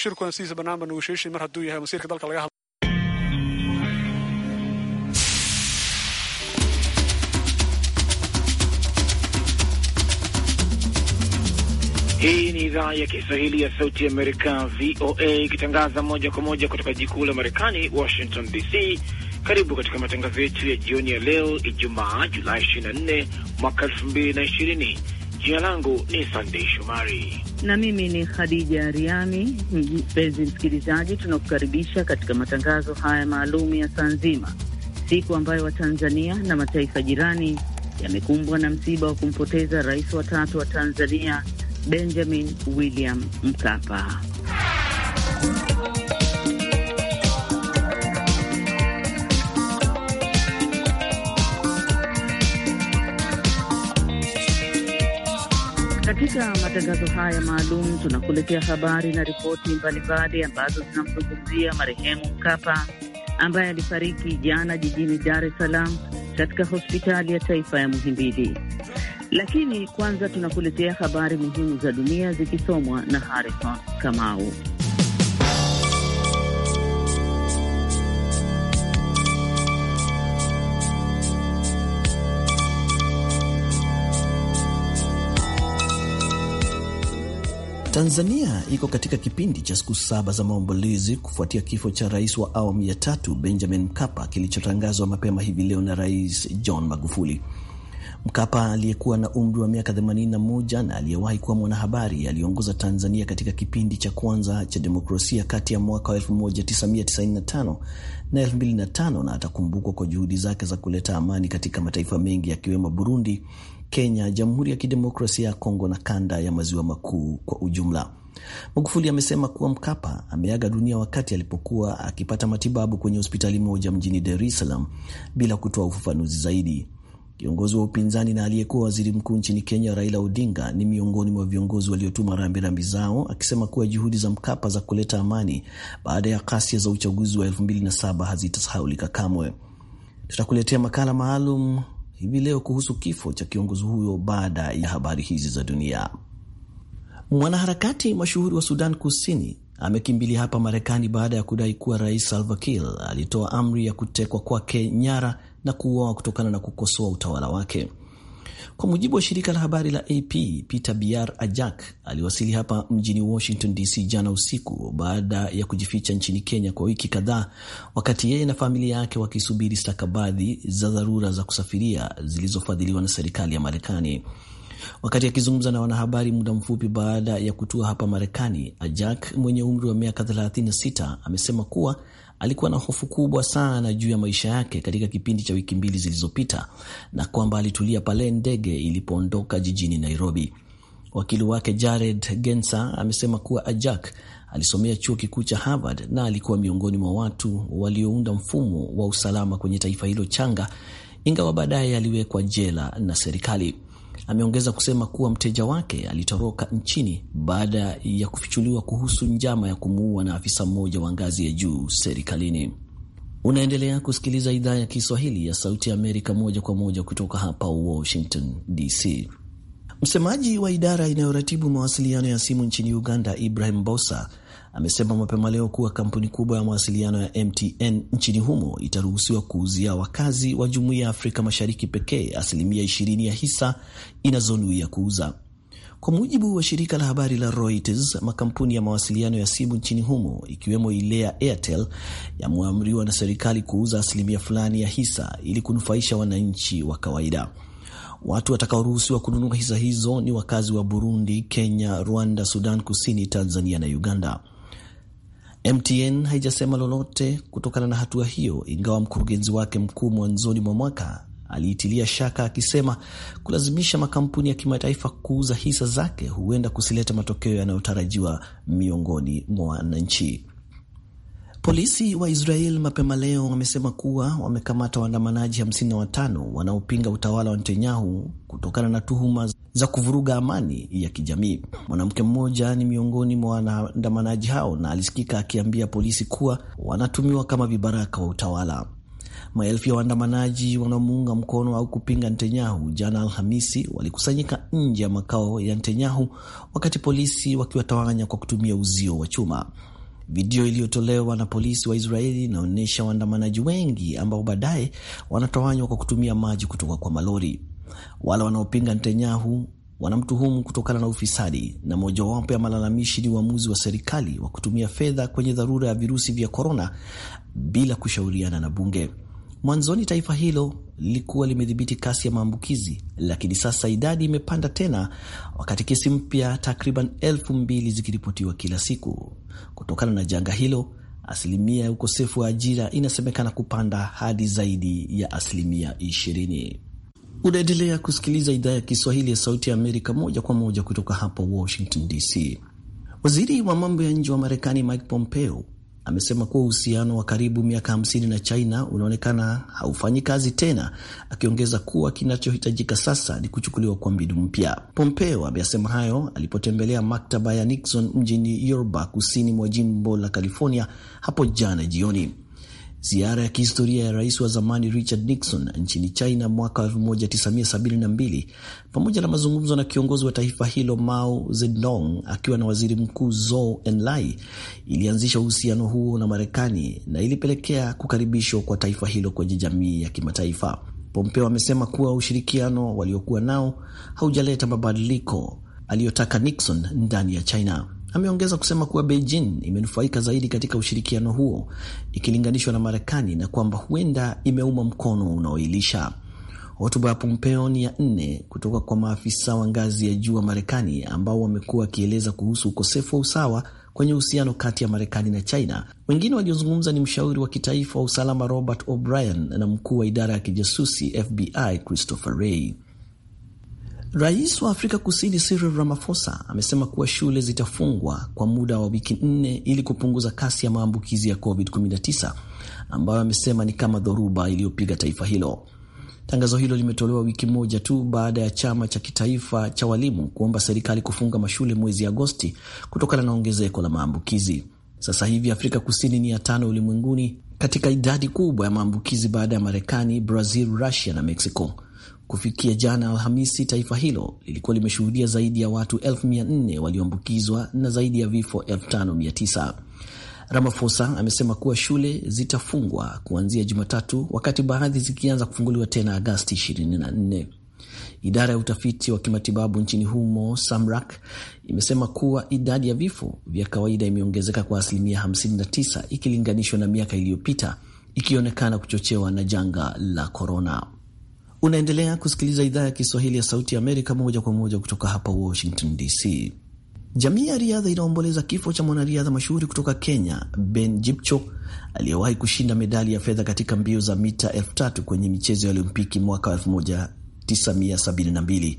shirkuwan sidiisa banaanba sheeshay mar hadduu yahay masiirka dalka laga hadla Hii ni idhaa ya Kiswahili ya Sauti Amerika, VOA, ikitangaza moja kwa moja kutoka jikuu la Marekani, Washington DC. Karibu katika matangazo yetu ya jioni ya leo, Ijumaa Julai 24 mwaka 2020. Jina langu ni Sandei Shomari na mimi ni Khadija Riami. Mpenzi msikilizaji, tunakukaribisha katika matangazo haya maalum ya saa nzima, siku ambayo Watanzania na mataifa jirani yamekumbwa na msiba wa kumpoteza rais wa tatu wa Tanzania Benjamin William Mkapa. Katika matangazo haya maalum tunakuletea habari na ripoti mbalimbali ambazo zinamzungumzia marehemu Mkapa ambaye alifariki jana jijini Dar es Salaam katika hospitali ya taifa ya Muhimbili. Lakini kwanza tunakuletea habari muhimu za dunia zikisomwa na Harrison Kamau. Tanzania iko katika kipindi cha siku saba za maombolezi kufuatia kifo cha rais wa awamu ya tatu Benjamin Mkapa kilichotangazwa mapema hivi leo na Rais John Magufuli. Mkapa aliyekuwa na umri wa miaka 81 na aliyewahi kuwa mwanahabari aliongoza Tanzania katika kipindi cha kwanza cha demokrasia kati ya mwaka wa 1995 na 2005 na atakumbukwa kwa juhudi zake za kuleta amani katika mataifa mengi yakiwemo Burundi, Kenya, Jamhuri ya Kidemokrasia ya Kongo na kanda ya maziwa makuu kwa ujumla. Magufuli amesema kuwa Mkapa ameaga dunia wakati alipokuwa akipata matibabu kwenye hospitali moja mjini Dar es Salaam bila kutoa ufafanuzi zaidi. Kiongozi wa upinzani na aliyekuwa waziri mkuu nchini Kenya Raila Odinga ni miongoni mwa viongozi waliotuma rambirambi zao, akisema kuwa juhudi za Mkapa za kuleta amani baada ya ghasia za uchaguzi wa 2007 hazitasahaulika kamwe. Tutakuletea makala maalum hivi leo kuhusu kifo cha kiongozi huyo baada ya habari hizi za dunia. Mwanaharakati mashuhuri wa Sudan Kusini amekimbilia hapa Marekani baada ya kudai kuwa Rais Salva Kiir alitoa amri ya kutekwa kwake nyara na kuuawa kutokana na kukosoa utawala wake. Kwa mujibu wa shirika la habari la AP, Peter Biar Ajak aliwasili hapa mjini Washington DC jana usiku baada ya kujificha nchini Kenya kwa wiki kadhaa, wakati yeye na familia yake wakisubiri stakabadhi za dharura za kusafiria zilizofadhiliwa na serikali ya Marekani. Wakati akizungumza na wanahabari muda mfupi baada ya kutua hapa Marekani, Ajak mwenye umri wa miaka 36 amesema kuwa alikuwa na hofu kubwa sana juu ya maisha yake katika kipindi cha wiki mbili zilizopita, na kwamba alitulia pale ndege ilipoondoka jijini Nairobi. Wakili wake Jared Gensa amesema kuwa Ajak alisomea chuo kikuu cha Harvard na alikuwa miongoni mwa watu waliounda mfumo wa usalama kwenye taifa hilo changa, ingawa baadaye aliwekwa jela na serikali. Ameongeza kusema kuwa mteja wake alitoroka nchini baada ya kufichuliwa kuhusu njama ya kumuua na afisa mmoja wa ngazi ya juu serikalini. Unaendelea kusikiliza idhaa ya Kiswahili ya Sauti ya Amerika moja kwa moja kutoka hapa Washington DC. Msemaji wa idara inayoratibu mawasiliano ya simu nchini Uganda, Ibrahim Bosa, amesema mapema leo kuwa kampuni kubwa ya mawasiliano ya MTN nchini humo itaruhusiwa kuuzia wakazi wa Jumuiya ya Afrika Mashariki pekee asilimia 20 ya hisa inazonuia kuuza. Kwa mujibu wa shirika la habari la Reuters, makampuni ya mawasiliano ya simu nchini humo ikiwemo ile ya Airtel yameamriwa na serikali kuuza asilimia fulani ya hisa ili kunufaisha wananchi wa kawaida. Watu watakaoruhusiwa kununua hisa hizo ni wakazi wa Burundi, Kenya, Rwanda, Sudan Kusini, Tanzania na Uganda. MTN haijasema lolote kutokana na hatua hiyo, ingawa mkurugenzi wake mkuu mwanzoni mwa mwaka aliitilia shaka akisema kulazimisha makampuni ya kimataifa kuuza hisa zake huenda kusileta matokeo yanayotarajiwa miongoni mwa wananchi. Polisi wa Israel mapema leo wamesema kuwa wamekamata waandamanaji 55 wanaopinga utawala wa Netanyahu kutokana na tuhuma za kuvuruga amani ya kijamii. Mwanamke mmoja ni miongoni mwa waandamanaji hao na alisikika akiambia polisi kuwa wanatumiwa kama vibaraka wa utawala. Maelfu ya waandamanaji wanaomuunga mkono au kupinga Netanyahu jana Alhamisi walikusanyika nje ya makao ya Netanyahu wakati polisi wakiwatawanya kwa kutumia uzio wa chuma. Video iliyotolewa na polisi wa Israeli inaonyesha waandamanaji wengi ambao baadaye wanatawanywa kwa kutumia maji kutoka kwa malori. Wale wanaopinga Netanyahu wanamtuhumu kutokana na ufisadi, na mojawapo ya malalamishi ni uamuzi wa serikali wa kutumia fedha kwenye dharura ya virusi vya korona bila kushauriana na bunge. Mwanzoni taifa hilo lilikuwa limedhibiti kasi ya maambukizi, lakini sasa idadi imepanda tena, wakati kesi mpya takriban elfu mbili zikiripotiwa kila siku. Kutokana na janga hilo, asilimia ya ukosefu wa ajira inasemekana kupanda hadi zaidi ya asilimia 20. Unaendelea kusikiliza idhaa ya Kiswahili ya Sauti ya Amerika moja kwa moja kutoka hapa Washington DC. Waziri wa mambo ya nje wa Marekani Mike Pompeo amesema kuwa uhusiano wa karibu miaka 50 na China unaonekana haufanyi kazi tena, akiongeza kuwa kinachohitajika sasa ni kuchukuliwa kwa mbinu mpya. Pompeo ameyasema hayo alipotembelea maktaba ya Nixon mjini Yorba, kusini mwa jimbo la California hapo jana jioni. Ziara ya kihistoria ya rais wa zamani Richard Nixon nchini China mwaka 1972 pamoja na mazungumzo na kiongozi wa taifa hilo Mao Zedong akiwa na waziri mkuu Zhou Enlai ilianzisha uhusiano huo na Marekani na ilipelekea kukaribishwa kwa taifa hilo kwenye jamii ya kimataifa. Pompeo amesema kuwa ushirikiano waliokuwa nao haujaleta mabadiliko aliyotaka Nixon ndani ya China. Ameongeza kusema kuwa Beijing imenufaika zaidi katika ushirikiano huo ikilinganishwa na Marekani na kwamba huenda imeuma mkono unaoilisha. Hotuba ya Pompeo ni ya nne kutoka kwa maafisa wa ngazi ya juu wa Marekani ambao wamekuwa wakieleza kuhusu ukosefu wa usawa kwenye uhusiano kati ya Marekani na China. Wengine waliozungumza ni mshauri wa kitaifa wa usalama Robert O'Brien na mkuu wa idara ya kijasusi FBI Christopher Wray. Rais wa Afrika Kusini Cyril Ramaphosa amesema kuwa shule zitafungwa kwa muda wa wiki nne ili kupunguza kasi ya maambukizi ya COVID-19 ambayo amesema ni kama dhoruba iliyopiga taifa hilo. Tangazo hilo limetolewa wiki moja tu baada ya chama cha kitaifa cha walimu kuomba serikali kufunga mashule mwezi Agosti kutokana na ongezeko la maambukizi. Sasa hivi Afrika Kusini ni ya tano ulimwenguni katika idadi kubwa ya maambukizi baada ya Marekani, Brazil, Russia na Mexico. Kufikia jana Alhamisi, taifa hilo lilikuwa limeshuhudia zaidi ya watu 4 walioambukizwa na zaidi ya vifo 5900. Ramaphosa amesema kuwa shule zitafungwa kuanzia Jumatatu, wakati baadhi zikianza kufunguliwa tena Agasti 24. Idara ya utafiti wa kimatibabu nchini humo SAMRAK imesema kuwa idadi ya vifo vya kawaida imeongezeka kwa asilimia 59 ikilinganishwa na miaka iliyopita, ikionekana kuchochewa na janga la korona. Unaendelea kusikiliza idhaa ya Kiswahili ya Sauti ya Amerika moja kwa moja kutoka hapa Washington DC. Jamii ya riadha inaomboleza kifo cha mwanariadha mashuhuri kutoka Kenya, Ben Jipcho, aliyewahi kushinda medali ya fedha katika mbio za mita elfu tatu kwenye michezo ya Olimpiki mwaka 1972.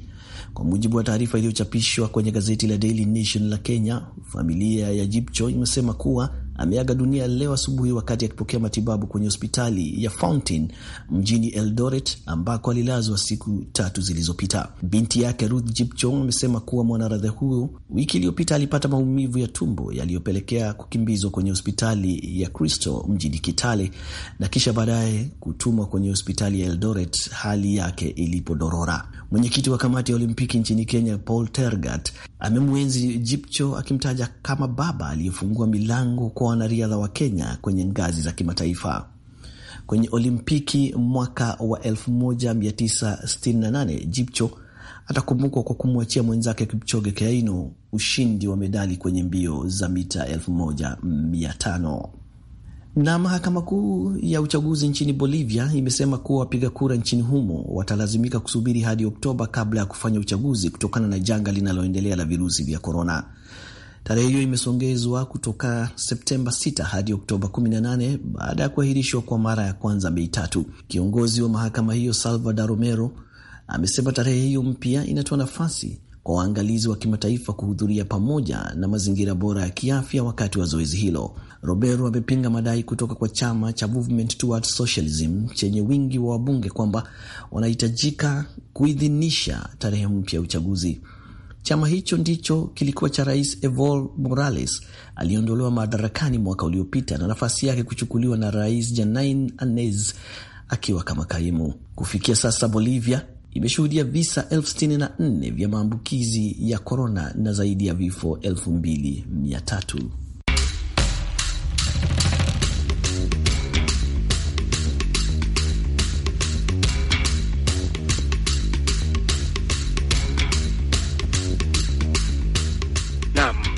Kwa mujibu wa taarifa iliyochapishwa kwenye gazeti la Daily Nation la Kenya, familia ya Jipcho imesema kuwa ameaga dunia leo asubuhi wakati akipokea matibabu kwenye hospitali ya Fountain mjini Eldoret ambako alilazwa siku tatu zilizopita. Binti yake Ruth Jipchong amesema kuwa mwanaradha huyo wiki iliyopita alipata maumivu ya tumbo yaliyopelekea kukimbizwa kwenye hospitali ya cristo mjini Kitale na kisha baadaye kutumwa kwenye hospitali ya Eldoret hali yake ilipodorora. Mwenyekiti wa kamati ya Olimpiki nchini Kenya Paul Tergat amemwenzi Jipcho akimtaja kama baba aliyefungua milango kwa wanariadha wa Kenya kwenye ngazi za kimataifa. Kwenye Olimpiki mwaka wa 1968 Jipcho atakumbukwa kwa kumwachia mwenzake Kipchoge Keino ushindi wa medali kwenye mbio za mita 1500. Na mahakama kuu ya uchaguzi nchini Bolivia imesema kuwa wapiga kura nchini humo watalazimika kusubiri hadi Oktoba kabla ya kufanya uchaguzi kutokana na janga linaloendelea la virusi vya korona. Tarehe hiyo imesongezwa kutoka Septemba 6 hadi Oktoba 18 baada ya kuahirishwa kwa mara ya kwanza Mei tatu. Kiongozi wa mahakama hiyo Salvador Romero amesema tarehe hiyo mpya inatoa nafasi kwa waangalizi wa kimataifa kuhudhuria pamoja na mazingira bora ya kiafya wakati wa zoezi hilo. Robero amepinga madai kutoka kwa chama cha Movement Towards Socialism chenye wingi wa wabunge kwamba wanahitajika kuidhinisha tarehe mpya ya uchaguzi. Chama hicho ndicho kilikuwa cha Rais Evo Morales aliyeondolewa madarakani mwaka uliopita na nafasi yake kuchukuliwa na Rais Janain Anez akiwa kama kaimu. Kufikia sasa Bolivia imeshuhudia visa 64 vya maambukizi ya korona na zaidi ya vifo 2300.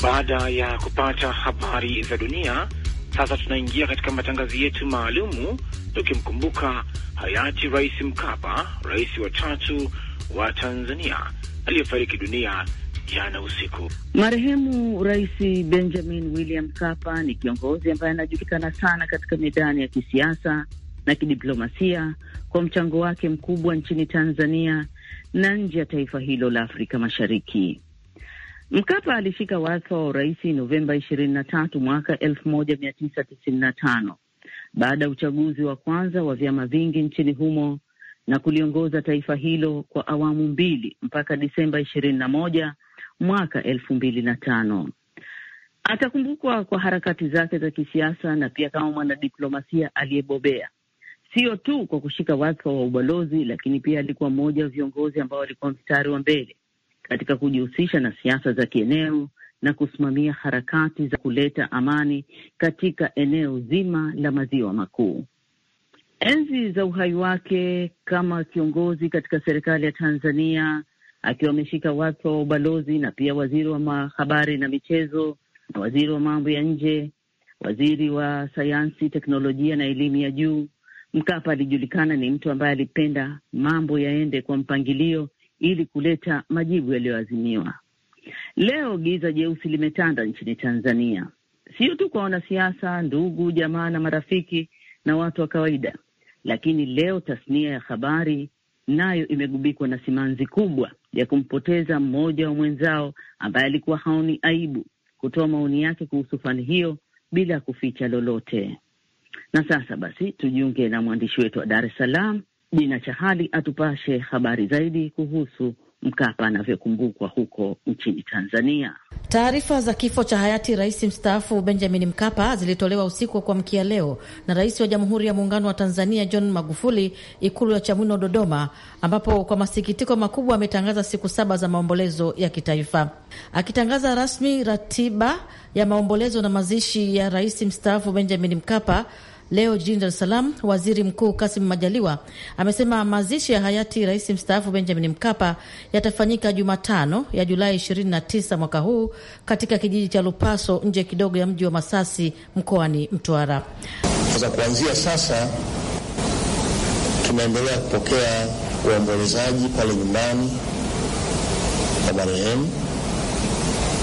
Baada ya kupata habari za dunia, sasa tunaingia katika matangazo yetu maalumu tukimkumbuka hayati Rais Mkapa, rais wa tatu wa Tanzania aliyefariki dunia jana usiku. Marehemu Rais Benjamin William Mkapa ni kiongozi ambaye anajulikana sana katika midani ya kisiasa na kidiplomasia kwa mchango wake mkubwa nchini Tanzania na nje ya taifa hilo la Afrika Mashariki. Mkapa alishika wadhifa wa urais Novemba 23 mwaka 1995 baada ya uchaguzi wa kwanza wa vyama vingi nchini humo na kuliongoza taifa hilo kwa awamu mbili mpaka Disemba ishirini na moja mwaka elfu mbili na tano. Atakumbukwa kwa harakati zake za kisiasa na pia kama mwanadiplomasia aliyebobea sio tu kwa kushika wadhifa wa ubalozi, lakini pia alikuwa mmoja wa viongozi ambao walikuwa mstari wa mbele katika kujihusisha na siasa za kieneo na kusimamia harakati za kuleta amani katika eneo zima la maziwa makuu. Enzi za uhai wake kama kiongozi katika serikali ya Tanzania, akiwa ameshika wadhifa wa ubalozi na pia waziri wa habari na michezo na waziri wa mambo ya nje, waziri wa sayansi, teknolojia na elimu ya juu, Mkapa alijulikana ni mtu ambaye alipenda mambo yaende kwa mpangilio ili kuleta majibu yaliyoazimiwa. Leo giza jeusi limetanda nchini Tanzania, sio tu kwa wanasiasa, ndugu, jamaa na marafiki na watu wa kawaida, lakini leo tasnia ya habari nayo imegubikwa na simanzi kubwa ya kumpoteza mmoja wa mwenzao ambaye alikuwa haoni aibu kutoa maoni yake kuhusu fani hiyo bila kuficha lolote. Na sasa basi tujiunge na mwandishi wetu wa Dar es Salaam, Dina Chahali, atupashe habari zaidi kuhusu Mkapa anavyokumbukwa huko nchini Tanzania. Taarifa za kifo cha hayati rais mstaafu Benjamin Mkapa zilitolewa usiku wa kuamkia leo na rais wa Jamhuri ya Muungano wa Tanzania John Magufuli, Ikulu ya Chamwino, Dodoma, ambapo kwa masikitiko makubwa ametangaza siku saba za maombolezo ya kitaifa. Akitangaza rasmi ratiba ya maombolezo na mazishi ya rais mstaafu Benjamin Mkapa, Leo jijini Dar es Salaam, waziri mkuu Kasim Majaliwa amesema mazishi ya hayati rais mstaafu Benjamin Mkapa yatafanyika Jumatano ya Julai 29 mwaka huu katika kijiji cha Lupaso, nje kidogo ya mji wa Masasi, mkoani Mtwara. Sasa kuanzia sasa tunaendelea kupokea waombolezaji pale nyumbani kwa marehemu,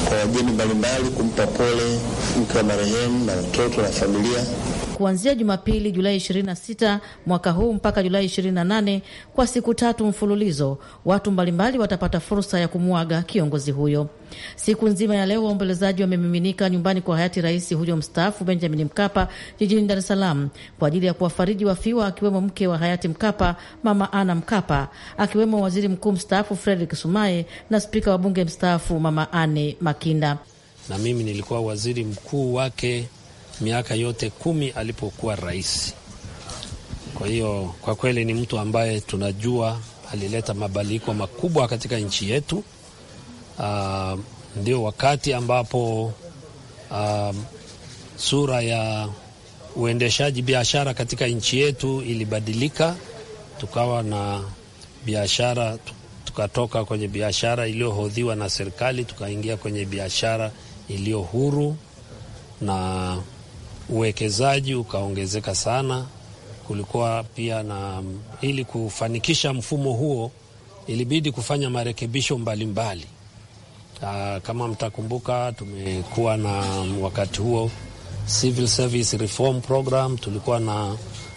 kwa wageni mbalimbali, kumpa pole mke wa marehemu na watoto na familia kuanzia Jumapili Julai 26 mwaka huu mpaka Julai 28 kwa siku tatu mfululizo, watu mbalimbali watapata fursa ya kumwaga kiongozi huyo. Siku nzima ya leo waombolezaji wamemiminika nyumbani kwa hayati rais huyo mstaafu Benjamin Mkapa jijini Dar es Salaam kwa ajili ya kuwafariji wafiwa, akiwemo mke wa hayati Mkapa, Mama Ana Mkapa, akiwemo waziri mkuu mstaafu Frederick Sumaye na spika wa bunge mstaafu Mama Anne Makinda. Na mimi nilikuwa waziri mkuu wake miaka yote kumi alipokuwa rais. Kwa hiyo kwa kweli ni mtu ambaye tunajua alileta mabadiliko makubwa katika nchi yetu. Uh, ndio wakati ambapo uh, sura ya uendeshaji biashara katika nchi yetu ilibadilika, tukawa na biashara, tukatoka kwenye biashara iliyohodhiwa na serikali tukaingia kwenye biashara iliyo huru na uwekezaji ukaongezeka sana. Kulikuwa pia na, ili kufanikisha mfumo huo ilibidi kufanya marekebisho mbalimbali mbali. Ah, kama mtakumbuka, tumekuwa na wakati huo Civil Service Reform Program, tulikuwa na,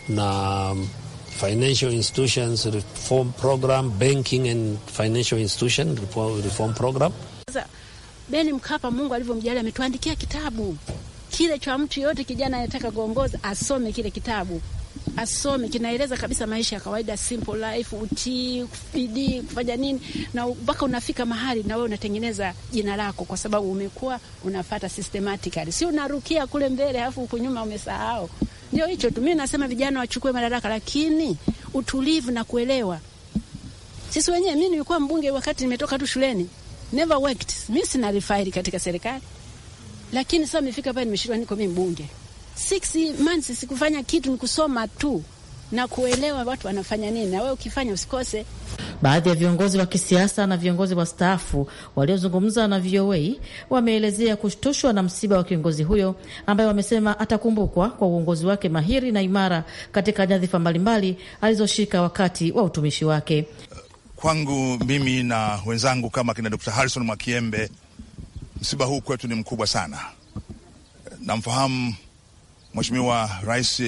na Financial Institutions Reform Program, Banking and Financial Institution Reform Program. Beni Mkapa Mungu alivyomjalia ametuandikia kitabu kile cha mtu yoyote, kijana anayetaka kuongoza asome kile kitabu, asome, kinaeleza kabisa maisha ya kawaida, simple life, utii, bidii, kufanya nini, na mpaka unafika mahali na wewe unatengeneza jina lako, kwa sababu umekuwa unafata systematically, si unarukia kule mbele alafu huku nyuma umesahau. Ndio hicho tu, mimi nasema vijana wachukue madaraka, lakini utulivu na kuelewa. Sisi wenyewe, mimi nilikuwa mbunge wakati nimetoka tu shuleni, never worked, mimi sina rifaili katika serikali lakini sasa nimefika pale, nimeshindwa, niko mimi mbunge six months, sikufanya kitu, ni kusoma tu na kuelewa watu wanafanya nini, na wewe ukifanya usikose. Baadhi ya viongozi wa kisiasa na viongozi wa staafu waliozungumza na VOA wameelezea kushtushwa na msiba wa kiongozi huyo ambaye wamesema atakumbukwa kwa uongozi wake mahiri na imara katika nyadhifa mbalimbali alizoshika wakati wa utumishi wake. Kwangu mimi na wenzangu kama kina Dr. Harrison Mwakiembe Msiba huu kwetu ni mkubwa sana. Namfahamu Mheshimiwa Rais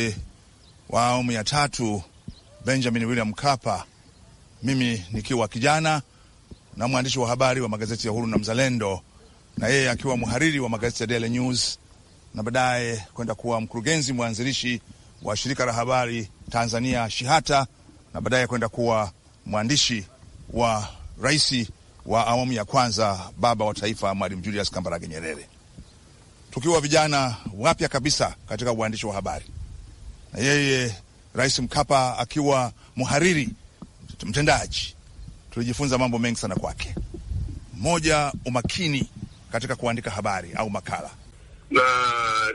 wa awamu ya tatu Benjamin William Mkapa, mimi nikiwa kijana na mwandishi wa habari wa magazeti ya huru na Mzalendo, na yeye akiwa mhariri wa magazeti ya Daily News na baadaye kwenda kuwa mkurugenzi mwanzilishi wa shirika la habari Tanzania Shihata na baadaye kwenda kuwa mwandishi wa Raisi wa awamu ya kwanza baba wa taifa Mwalimu Julius Kambarage Nyerere, tukiwa vijana wapya kabisa katika uandishi wa habari, na yeye Rais Mkapa akiwa mhariri mtendaji, tulijifunza mambo mengi sana kwake. Moja, umakini katika kuandika habari au makala, na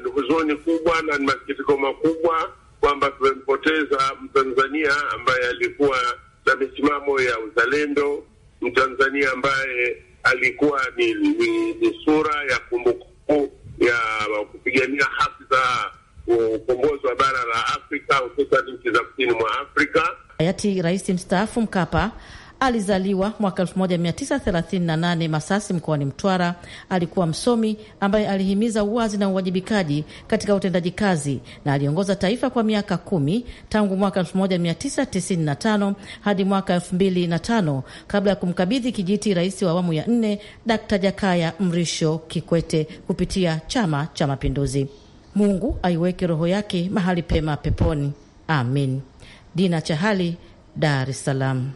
ni huzuni kubwa na ni masikitiko makubwa kwamba tumempoteza Mtanzania ambaye alikuwa na misimamo ya uzalendo Mtanzania ambaye alikuwa ni, ni, ni sura ya kumbukumbu ya kupigania haki za ukombozi wa bara la Afrika hususan nchi za kusini mwa Afrika. Hayati Rais mstaafu Mkapa Alizaliwa mwaka 1938 Masasi, mkoani Mtwara. Alikuwa msomi ambaye alihimiza uwazi na uwajibikaji katika utendaji kazi na aliongoza taifa kwa miaka kumi tangu mwaka 1995 hadi mwaka 2005 kabla ya kumkabidhi kijiti rais wa awamu ya nne Dkt. Jakaya Mrisho Kikwete kupitia Chama cha Mapinduzi. Mungu aiweke roho yake mahali pema peponi, amin. Dina Chahali, Dar es Salaam.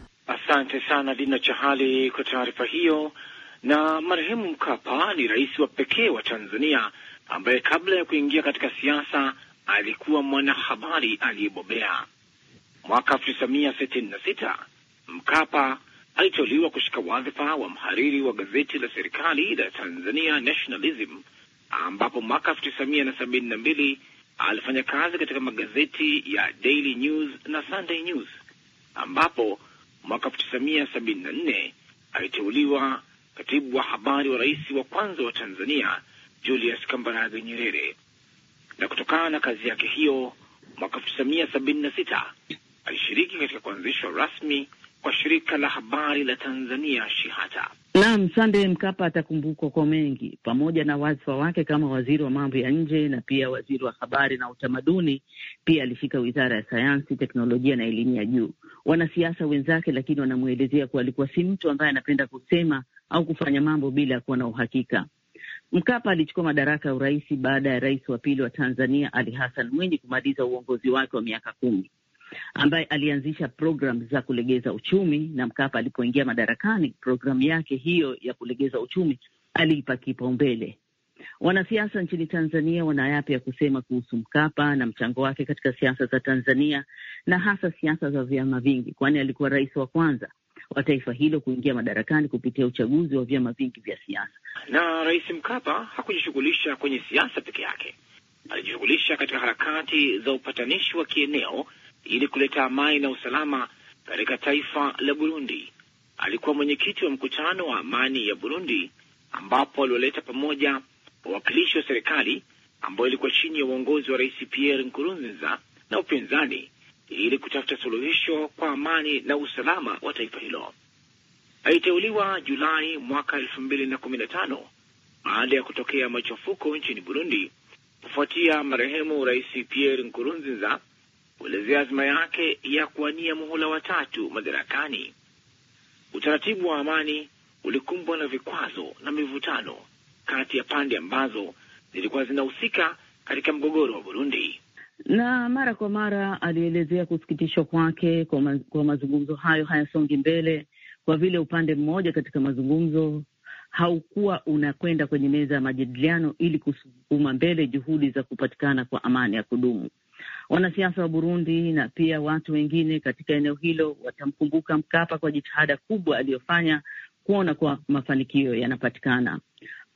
Asante sana Dina Chahali kwa taarifa hiyo. Na marehemu Mkapa ni rais wa pekee wa Tanzania ambaye kabla ya kuingia katika siasa alikuwa mwanahabari aliyebobea. Mwaka sita Mkapa aliteuliwa kushika wadhifa wa mhariri wa gazeti la serikali la Tanzania Nationalism, ambapo mwaka mbili alifanya kazi katika magazeti ya Daily News na Sunday News ambapo mwaka 1974 aliteuliwa katibu wa habari wa rais wa kwanza wa Tanzania Julius Kambarage Nyerere, na kutokana na kazi yake hiyo mwaka 1976 alishiriki katika kuanzishwa rasmi wa shirika la habari la Tanzania Shihata. Naam, sande Mkapa atakumbukwa kwa mengi pamoja na wadhifa wake kama waziri wa mambo ya nje na pia waziri wa habari na utamaduni. Pia alishika wizara ya sayansi, teknolojia na elimu ya juu. Wanasiasa wenzake lakini wanamwelezea kuwa alikuwa si mtu ambaye anapenda kusema au kufanya mambo bila ya kuwa na uhakika. Mkapa alichukua madaraka ya urais baada ya rais wa pili wa Tanzania Ali Hassan Mwinyi kumaliza uongozi wake wa miaka kumi ambaye alianzisha program za kulegeza uchumi, na Mkapa alipoingia madarakani, programu yake hiyo ya kulegeza uchumi aliipa kipaumbele. Wanasiasa nchini Tanzania wana yapi ya kusema kuhusu Mkapa na mchango wake katika siasa za Tanzania na hasa siasa za vyama vingi, kwani alikuwa rais wa kwanza wa taifa hilo kuingia madarakani kupitia uchaguzi wa vyama vingi vya siasa. Na Rais Mkapa hakujishughulisha kwenye siasa peke yake, alijishughulisha katika harakati za upatanishi wa kieneo ili kuleta amani na usalama katika taifa la Burundi. Alikuwa mwenyekiti wa mkutano wa amani ya Burundi, ambapo alioleta pamoja wawakilishi wa serikali ambayo ilikuwa chini ya uongozi wa Rais Pierre Nkurunziza na upinzani ili kutafuta suluhisho kwa amani na usalama wa taifa hilo. Aliteuliwa Julai mwaka elfu mbili na kumi na tano baada ya kutokea machafuko nchini Burundi kufuatia marehemu Rais Pierre Nkurunziza kuelezea azma yake ya kuwania muhula watatu madarakani. Utaratibu wa amani ulikumbwa na vikwazo na mivutano kati ya pande ambazo zilikuwa zinahusika katika mgogoro wa Burundi, na mara kwa mara alielezea kusikitishwa kwake kwa, ma kwa mazungumzo hayo hayasongi mbele kwa vile upande mmoja katika mazungumzo haukuwa unakwenda kwenye meza ya majadiliano ili kusukuma mbele juhudi za kupatikana kwa amani ya kudumu wanasiasa wa Burundi na pia watu wengine katika eneo hilo watamkumbuka Mkapa kwa jitihada kubwa aliyofanya kuona kwa mafanikio yanapatikana.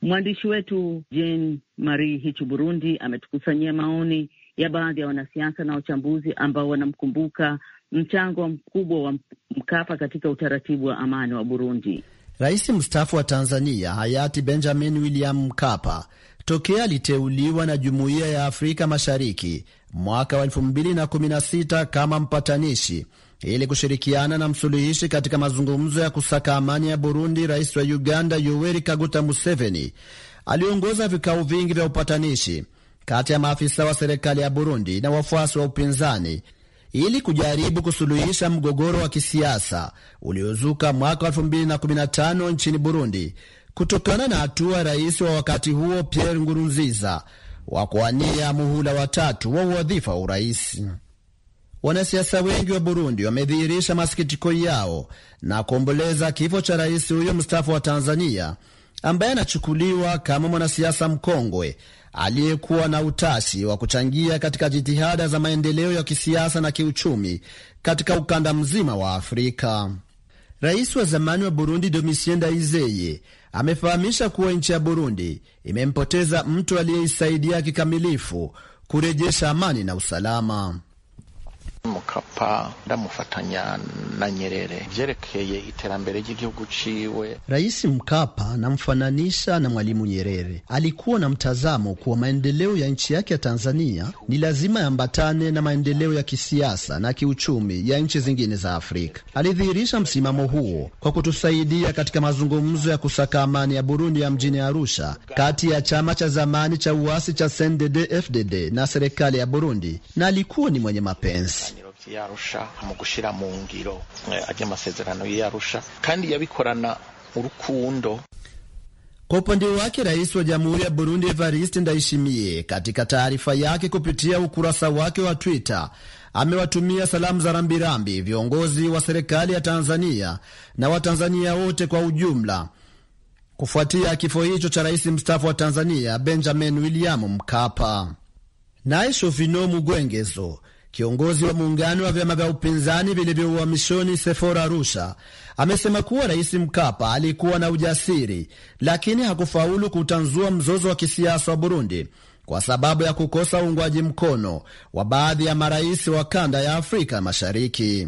Mwandishi wetu Jane Marie Hichu Burundi ametukusanyia maoni ya baadhi ya wanasiasa na wachambuzi ambao wanamkumbuka mchango mkubwa wa Mkapa katika utaratibu wa amani wa Burundi. Rais mstaafu wa Tanzania hayati Benjamin William Mkapa tokea aliteuliwa na Jumuiya ya Afrika Mashariki mwaka wa 2016 kama mpatanishi ili kushirikiana na msuluhishi katika mazungumzo ya kusaka amani ya Burundi. Rais wa Uganda Yoweri Kaguta Museveni aliongoza vikao vingi vya upatanishi kati ya maafisa wa serikali ya Burundi na wafuasi wa upinzani ili kujaribu kusuluhisha mgogoro wa kisiasa uliozuka mwaka 2015 nchini Burundi kutokana na hatua rais wa wakati huo Pierre Ngurunziza wa kuwania muhula watatu wa uwadhifa wa urais. Wanasiasa wengi wa Burundi wamedhihirisha masikitiko yao na kuomboleza kifo cha rais huyo mstaafu wa Tanzania ambaye anachukuliwa kama mwanasiasa mkongwe aliyekuwa na utashi wa kuchangia katika jitihada za maendeleo ya kisiasa na kiuchumi katika ukanda mzima wa Afrika. Rais wa zamani wa Burundi Domitien Ndayizeye amefahamisha kuwa nchi ya Burundi imempoteza mtu aliyeisaidia kikamilifu kurejesha amani na usalama mukapa ndamufatanya na Nyerere byerekeye iterambere ry'igihugu ciwe. Rais Mkapa namfananisha na Mwalimu Nyerere. Alikuwa na mtazamo kuwa maendeleo ya nchi yake ya Tanzania ni lazima yambatane na maendeleo ya kisiasa na kiuchumi ya nchi zingine za Afrika. Alidhihirisha msimamo huo kwa kutusaidia katika mazungumzo ya kusaka amani ya Burundi ya mjini Arusha kati ya chama cha zamani cha uasi cha CNDD-FDD na serikali ya Burundi, na alikuwa ni mwenye mapenzi ya Arusha mu gushira mu ngiro eh, ajya amasezerano ya Arusha kandi yabikorana urukundo. Kwa upande wake rais wa jamhuri ya Burundi Evariste Ndayishimiye katika taarifa yake kupitia ukurasa wake wa Twitter amewatumia salamu za rambirambi viongozi wa serikali ya Tanzania na Watanzania wote kwa ujumla kufuatia kifo hicho cha rais mstaafu wa Tanzania Benjamin William Mkapa. Naye Shofino Mugwengezo Kiongozi wa muungano wa vyama vya upinzani vilivyo uhamishoni Sefora Arusha amesema kuwa Rais Mkapa alikuwa na ujasiri, lakini hakufaulu kutanzua mzozo wa kisiasa wa Burundi kwa sababu ya kukosa uungwaji mkono wa baadhi ya marais wa kanda ya Afrika Mashariki.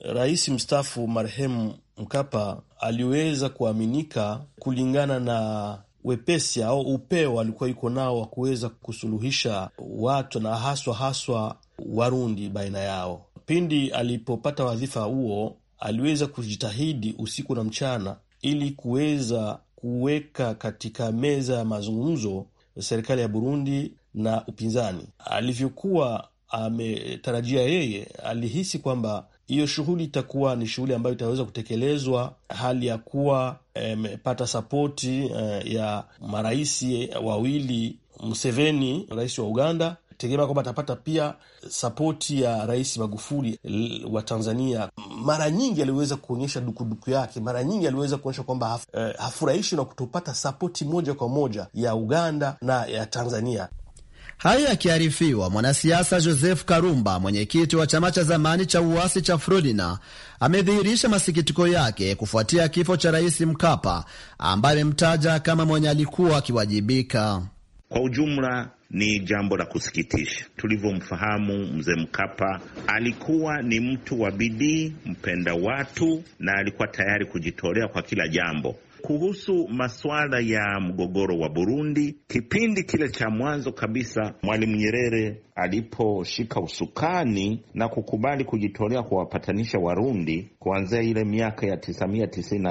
Rais mstaafu marehemu Mkapa aliweza kuaminika kulingana na wepesi au upeo alikuwa yuko nao wa kuweza kusuluhisha watu na haswa haswa Warundi baina yao. Pindi alipopata wadhifa huo, aliweza kujitahidi usiku na mchana ili kuweza kuweka katika meza ya mazungumzo serikali ya Burundi na upinzani. Alivyokuwa ametarajia yeye, alihisi kwamba hiyo shughuli itakuwa ni shughuli ambayo itaweza kutekelezwa hali ya kuwa amepata eh, sapoti eh, ya maraisi wawili Museveni, rais wa Uganda tegemea kwamba atapata pia sapoti ya Rais Magufuli eh, wa Tanzania. Mara nyingi aliweza kuonyesha dukuduku yake, mara nyingi aliweza kuonyesha kwamba haf, eh, hafurahishi na kutopata sapoti moja kwa moja ya Uganda na ya Tanzania. Hayo yakiarifiwa, mwanasiasa Joseph Karumba, mwenyekiti wa chama cha zamani cha uasi cha Frodina, amedhihirisha masikitiko yake kufuatia kifo cha Rais Mkapa ambaye amemtaja kama mwenye alikuwa akiwajibika. Kwa ujumla ni jambo la kusikitisha. Tulivyomfahamu mzee Mkapa, alikuwa ni mtu wa bidii, mpenda watu, na alikuwa tayari kujitolea kwa kila jambo. Kuhusu masuala ya mgogoro wa Burundi, kipindi kile cha mwanzo kabisa, Mwalimu Nyerere aliposhika usukani na kukubali kujitolea kuwapatanisha Warundi kuanzia ile miaka ya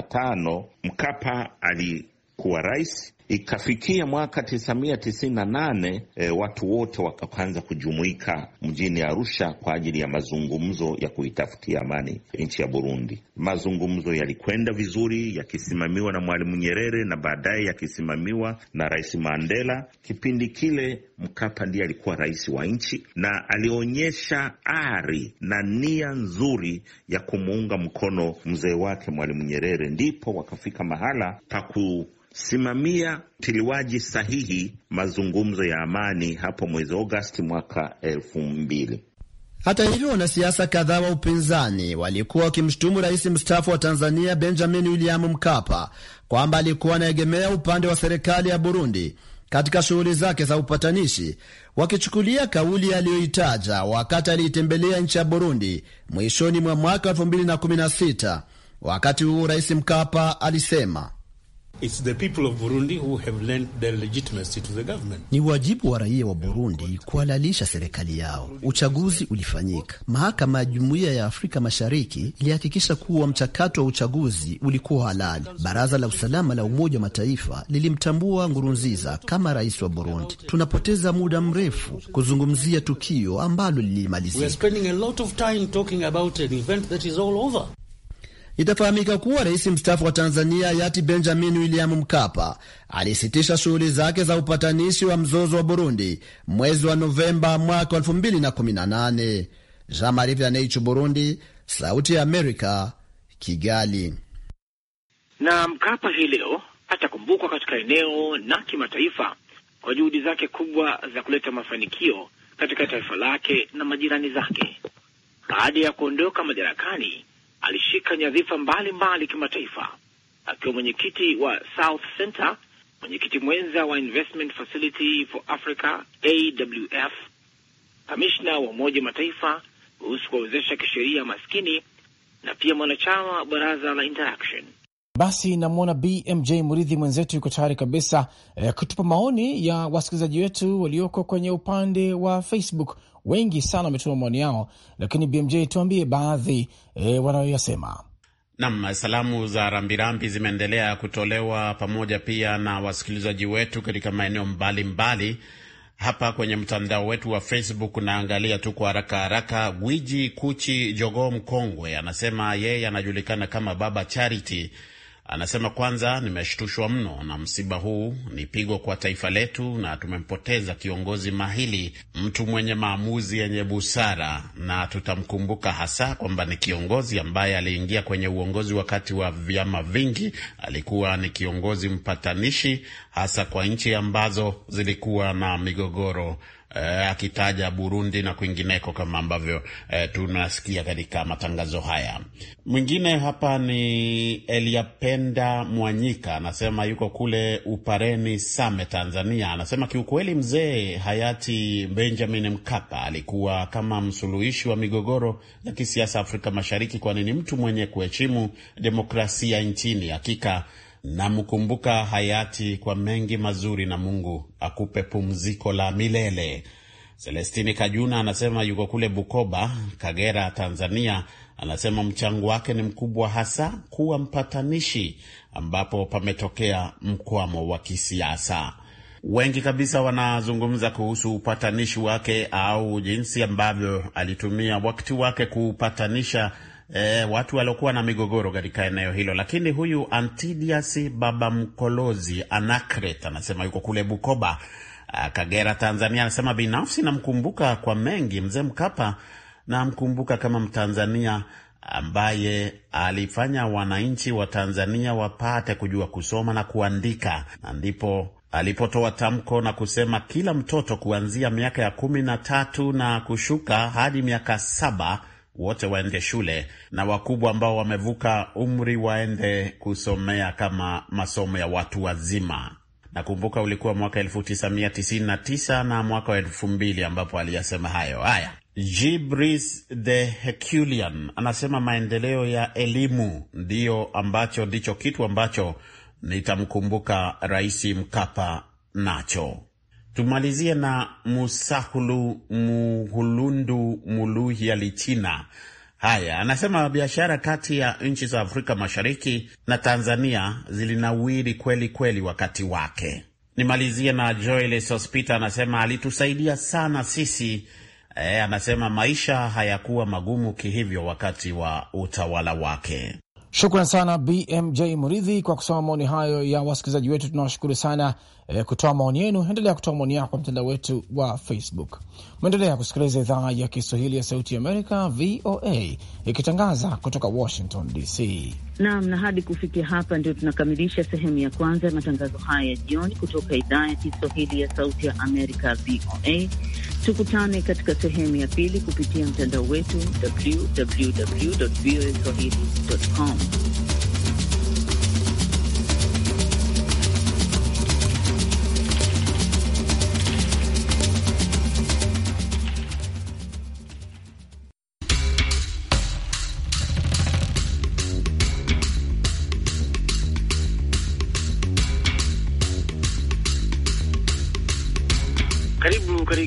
tano Mkapa alikuwa rais Ikafikia mwaka tisa mia tisini na nane e, watu wote wakaanza kujumuika mjini Arusha kwa ajili ya mazungumzo ya kuitafutia amani nchi ya Burundi. Mazungumzo yalikwenda vizuri, yakisimamiwa na Mwalimu Nyerere na baadaye yakisimamiwa na Rais Mandela. Kipindi kile Mkapa ndiye alikuwa rais wa nchi na alionyesha ari na nia nzuri ya kumuunga mkono mzee wake Mwalimu Nyerere, ndipo wakafika mahala paku simamia tiliwaji sahihi mazungumzo ya amani hapo mwezi Agosti mwaka elfu mbili. Hata hivyo wanasiasa kadhaa wa upinzani walikuwa wakimshutumu rais mstaafu wa Tanzania Benjamin William Mkapa kwamba alikuwa anaegemea upande wa serikali ya Burundi katika shughuli zake za upatanishi, wakichukulia kauli aliyoitaja wakati aliitembelea nchi ya Burundi mwishoni mwa mwaka 2016. Wakati huu Rais Mkapa alisema It's the people of Burundi who have lent their legitimacy to the government. Ni wajibu wa raia wa Burundi kuhalalisha serikali yao. Uchaguzi ulifanyika. Mahakama ya Jumuiya ya Afrika Mashariki ilihakikisha kuwa mchakato wa uchaguzi ulikuwa halali. Baraza la Usalama la Umoja wa Mataifa lilimtambua Ngurunziza kama rais wa Burundi. Tunapoteza muda mrefu kuzungumzia tukio ambalo lilimalizika. Itafahamika kuwa rais mstaafu wa Tanzania hayati Benjamin William Mkapa alisitisha shughuli zake za upatanishi wa mzozo wa Burundi mwezi wa Novemba mwaka 2018. Jean Marie Vianney, Burundi, Sauti ya Amerika, Kigali. Na Mkapa hii leo atakumbukwa katika eneo na kimataifa kwa juhudi zake kubwa za kuleta mafanikio katika taifa lake na majirani zake. Baada ya kuondoka madarakani alishika nyadhifa mbalimbali kimataifa, akiwa mwenyekiti wa South Center, mwenyekiti mwenza wa Investment Facility for Africa AWF, kamishna wa Umoja Mataifa kuhusu kuwawezesha kisheria maskini na pia mwanachama wa baraza la Interaction, basi namwona BMJ Muridhi mwenzetu yuko tayari kabisa eh, kutupa maoni ya wasikilizaji wetu walioko kwenye upande wa Facebook. Wengi sana wametuma maoni yao, lakini BMJ, tuambie baadhi eh, wanayoyasema. Nam, salamu za rambirambi zimeendelea kutolewa pamoja pia na wasikilizaji wetu katika maeneo mbalimbali hapa kwenye mtandao wetu wa Facebook. Naangalia tu kwa haraka haraka. Gwiji Kuchi Jogoo Mkongwe anasema yeye anajulikana kama Baba Charity Anasema kwanza, nimeshtushwa mno na msiba huu, ni pigo kwa taifa letu, na tumempoteza kiongozi mahili, mtu mwenye maamuzi yenye busara, na tutamkumbuka hasa kwamba ni kiongozi ambaye aliingia kwenye uongozi wakati wa vyama vingi. Alikuwa ni kiongozi mpatanishi, hasa kwa nchi ambazo zilikuwa na migogoro eh, akitaja Burundi na kwingineko kama ambavyo eh, tunasikia katika matangazo haya. Mwingine hapa ni Eliapenda Mwanyika, anasema yuko kule Upareni Same, Tanzania. Anasema kiukweli, mzee hayati Benjamin Mkapa alikuwa kama msuluhishi wa migogoro ya kisiasa Afrika Mashariki, kwani ni mtu mwenye kuheshimu demokrasia nchini. Hakika Namkumbuka hayati kwa mengi mazuri, na Mungu akupe pumziko la milele. Celestini Kajuna anasema yuko kule Bukoba, Kagera, Tanzania. Anasema mchango wake ni mkubwa, hasa kuwa mpatanishi ambapo pametokea mkwamo wa kisiasa. Wengi kabisa wanazungumza kuhusu upatanishi wake au jinsi ambavyo alitumia wakati wake kuupatanisha e, watu waliokuwa na migogoro katika eneo hilo. Lakini huyu Antidias Baba Mkolozi Anakret anasema yuko kule Bukoba, ah, Kagera, Tanzania. Anasema binafsi namkumbuka kwa mengi mzee Mkapa, namkumbuka kama Mtanzania ambaye alifanya wananchi wa Tanzania wapate kujua kusoma na kuandika, na ndipo alipotoa tamko na kusema kila mtoto kuanzia miaka ya kumi na tatu na kushuka hadi miaka saba wote waende shule na wakubwa ambao wamevuka umri waende kusomea kama masomo ya watu wazima. Nakumbuka ulikuwa mwaka 1999 na mwaka wa 2000 ambapo aliyasema hayo. Haya, Jibris the heculian anasema maendeleo ya elimu ndiyo ambacho ndicho kitu ambacho nitamkumbuka Rais Mkapa nacho. Tumalizie na Musahulu Muhulundu Muluhi Alichina. Haya, anasema biashara kati ya nchi za Afrika Mashariki na Tanzania zilinawiri kweli kweli wakati wake. Nimalizie na Joel Sospita, anasema alitusaidia sana sisi e, anasema maisha hayakuwa magumu kihivyo wakati wa utawala wake. Shukran sana BMJ Muridhi kwa kusoma maoni hayo ya wasikilizaji wetu, tunawashukuru sana e, kutoa maoni yenu. Endelea kutoa maoni yako kwa mtandao wetu wa Facebook. Mwendelea kusikiliza idhaa ya Kiswahili ya Sauti ya Amerika, VOA, ikitangaza kutoka Washington DC. Naam, na hadi kufikia hapa ndio tunakamilisha sehemu ya kwanza ya matangazo haya ya jioni kutoka idhaa ya Kiswahili ya Sauti ya Amerika, VOA. Tukutane katika sehemu ya pili kupitia mtandao wetu www voa swahili com.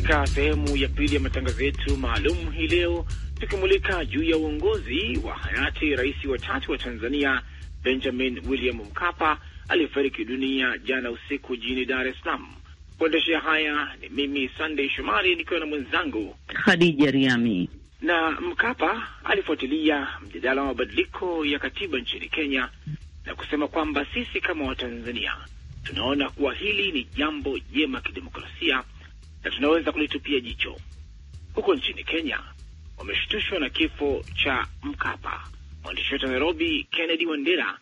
katika sehemu ya pili ya matangazo yetu maalum hii leo, tukimulika juu ya uongozi wa hayati rais wa tatu wa Tanzania Benjamin William Mkapa aliyefariki dunia jana usiku jijini Dar es Salaam. Kuendeshea haya ni mimi Sunday Shomari nikiwa na mwenzangu Khadija Riami. Na Mkapa alifuatilia mjadala wa mabadiliko ya katiba nchini Kenya na kusema kwamba sisi kama Watanzania tunaona kuwa hili ni jambo jema kidemokrasia na tunaweza kulitupia jicho. Huko nchini Kenya wameshtushwa na kifo cha Mkapa. Mwandishi wetu wa Nairobi, Kennedy Wandera,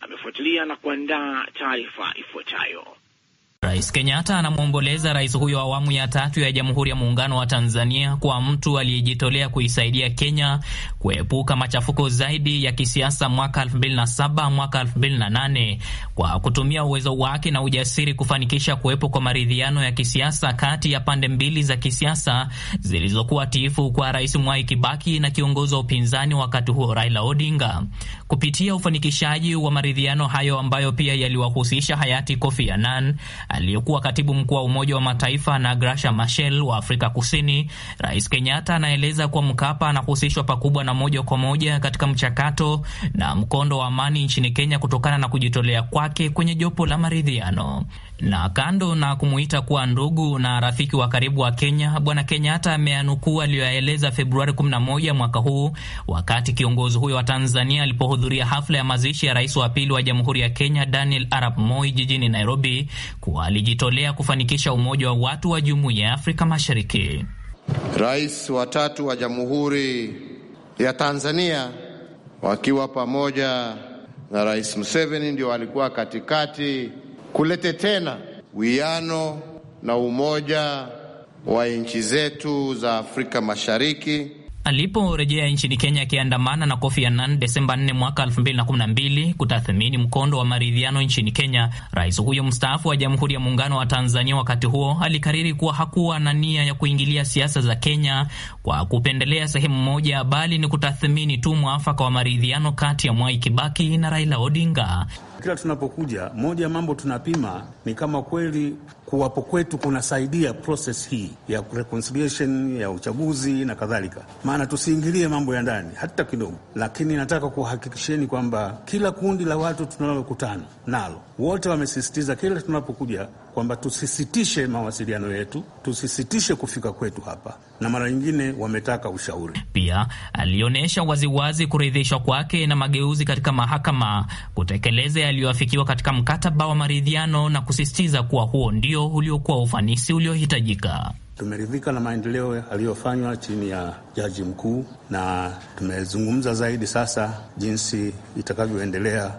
amefuatilia na kuandaa taarifa ifuatayo. Rais Kenyatta anamwomboleza rais huyo awamu ya tatu ya Jamhuri ya Muungano wa Tanzania kwa mtu aliyejitolea kuisaidia Kenya kuepuka machafuko zaidi ya kisiasa mwaka 2007 mwaka 2008 kwa kutumia uwezo wake na ujasiri kufanikisha kuwepo kwa maridhiano ya kisiasa kati ya pande mbili za kisiasa zilizokuwa tiifu kwa Rais Mwai Kibaki na kiongozi wa upinzani wakati huo Raila Odinga kupitia ufanikishaji wa maridhiano hayo ambayo pia yaliwahusisha hayati Kofi Annan aliyekuwa katibu mkuu wa Umoja wa Mataifa na Graca Machel wa Afrika Kusini, Rais Kenyatta anaeleza kuwa Mkapa anahusishwa pakubwa na moja kwa moja katika mchakato na mkondo wa amani nchini Kenya kutokana na kujitolea kwake kwenye jopo la maridhiano. Na kando na kumuita kuwa ndugu na rafiki wa karibu wa Kenya, Bwana Kenyatta ameanukuu aliyoyaeleza Februari 11 mwaka huu wakati kiongozi huyo wa Tanzania alipo kuhudhuria hafla ya mazishi ya rais wa pili wa Jamhuri ya Kenya Daniel Arap Moi jijini Nairobi kuwa alijitolea kufanikisha umoja wa watu wa Jumuiya ya Afrika Mashariki. Rais watatu wa Jamhuri ya Tanzania wakiwa pamoja na Rais Museveni ndio walikuwa katikati kulete tena wiano na umoja wa nchi zetu za Afrika Mashariki Aliporejea nchini Kenya akiandamana na Kofi Annan Desemba 4 mwaka 2012 kutathmini mkondo wa maridhiano nchini Kenya, rais huyo mstaafu wa Jamhuri ya Muungano wa Tanzania wakati huo alikariri kuwa hakuwa na nia ya kuingilia siasa za Kenya kwa kupendelea sehemu moja, bali ni kutathmini tu mwafaka wa maridhiano kati ya Mwai Kibaki na Raila Odinga kila tunapokuja, moja ya mambo tunapima ni kama kweli kuwapo kwetu kunasaidia proses hii ya reconciliation ya uchaguzi na kadhalika. Maana tusiingilie mambo ya ndani hata kidogo, lakini nataka kuhakikisheni kwamba kila kundi la watu tunalokutana nalo wote wamesisitiza kila tunapokuja kwamba tusisitishe mawasiliano yetu, tusisitishe kufika kwetu hapa, na mara nyingine wametaka ushauri. Pia alionyesha waziwazi kuridhishwa kwake na mageuzi katika mahakama kutekeleza yaliyoafikiwa katika mkataba wa maridhiano na kusisitiza kuwa huo ndio uliokuwa ufanisi uliohitajika. Tumeridhika na maendeleo yaliyofanywa chini ya jaji mkuu, na tumezungumza zaidi sasa jinsi itakavyoendelea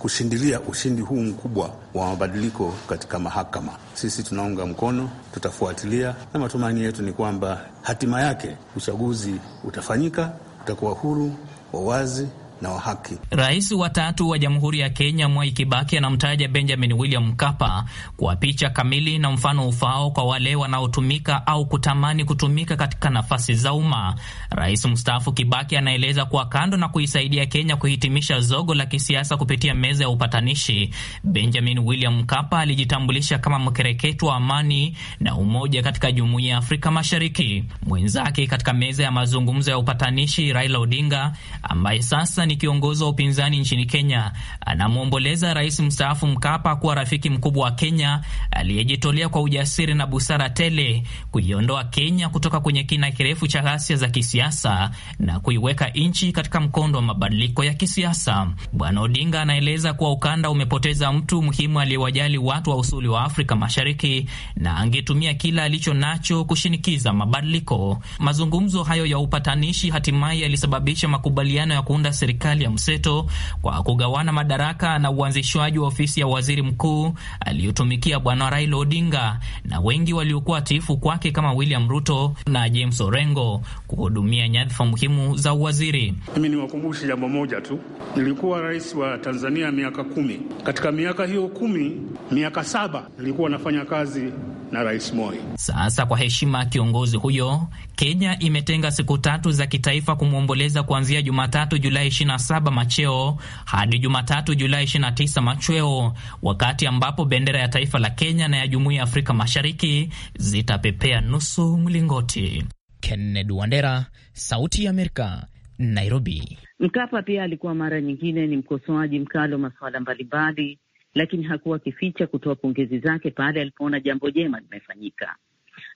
kushindilia ushindi huu mkubwa wa mabadiliko katika mahakama. Sisi tunaunga mkono, tutafuatilia, na matumaini yetu ni kwamba hatima yake uchaguzi utafanyika, utakuwa huru wa wazi na wa haki. Rais wa tatu wa Jamhuri ya Kenya Mwai Kibaki anamtaja Benjamin William Mkapa kwa picha kamili na mfano ufao kwa wale wanaotumika au kutamani kutumika katika nafasi za umma. Rais mstaafu Kibaki anaeleza kuwa kando na kuisaidia Kenya kuhitimisha zogo la kisiasa kupitia meza ya upatanishi, Benjamin William Mkapa alijitambulisha kama mkereketo wa amani na umoja katika Jumuiya ya Afrika Mashariki. Mwenzake katika meza ya mazungumzo ya upatanishi Raila Odinga ambaye sasa sasa ni kiongozi wa upinzani nchini Kenya, anamwomboleza rais mstaafu Mkapa kuwa rafiki mkubwa wa Kenya aliyejitolea kwa ujasiri na busara tele kuiondoa Kenya kutoka kwenye kina kirefu cha ghasia za kisiasa na kuiweka nchi katika mkondo wa mabadiliko ya kisiasa. Bwana Odinga anaeleza kuwa ukanda umepoteza mtu muhimu aliyewajali watu wa usuli wa Afrika Mashariki na angetumia kila alicho nacho kushinikiza mabadiliko. Mazungumzo hayo ya upatanishi hatimaye yalisababisha makubaliano ya kuunda serikali serikali ya mseto kwa kugawana madaraka na uanzishwaji wa ofisi ya waziri mkuu aliyotumikia Bwana Raila Odinga na wengi waliokuwa tifu kwake kama William Ruto na James Orengo kuhudumia nyadhifa muhimu za uwaziri. Mimi niwakumbushe jambo moja tu, nilikuwa rais wa Tanzania miaka kumi. Katika miaka hiyo kumi, miaka saba nilikuwa nafanya kazi na Rais Moi. Sasa kwa heshima ya kiongozi huyo, Kenya imetenga siku tatu za kitaifa kumwomboleza kuanzia Jumatatu Julai 27 macheo hadi Jumatatu Julai 29 machweo, wakati ambapo bendera ya taifa la Kenya na ya Jumuiya ya Afrika Mashariki zitapepea nusu mlingoti. Kennedy Wandera, Sauti ya Amerika, Nairobi. Mkapa pia alikuwa mara nyingine ni mkosoaji mkali wa masuala mbalimbali, lakini hakuwa akificha kutoa pongezi zake pale alipoona jambo jema limefanyika.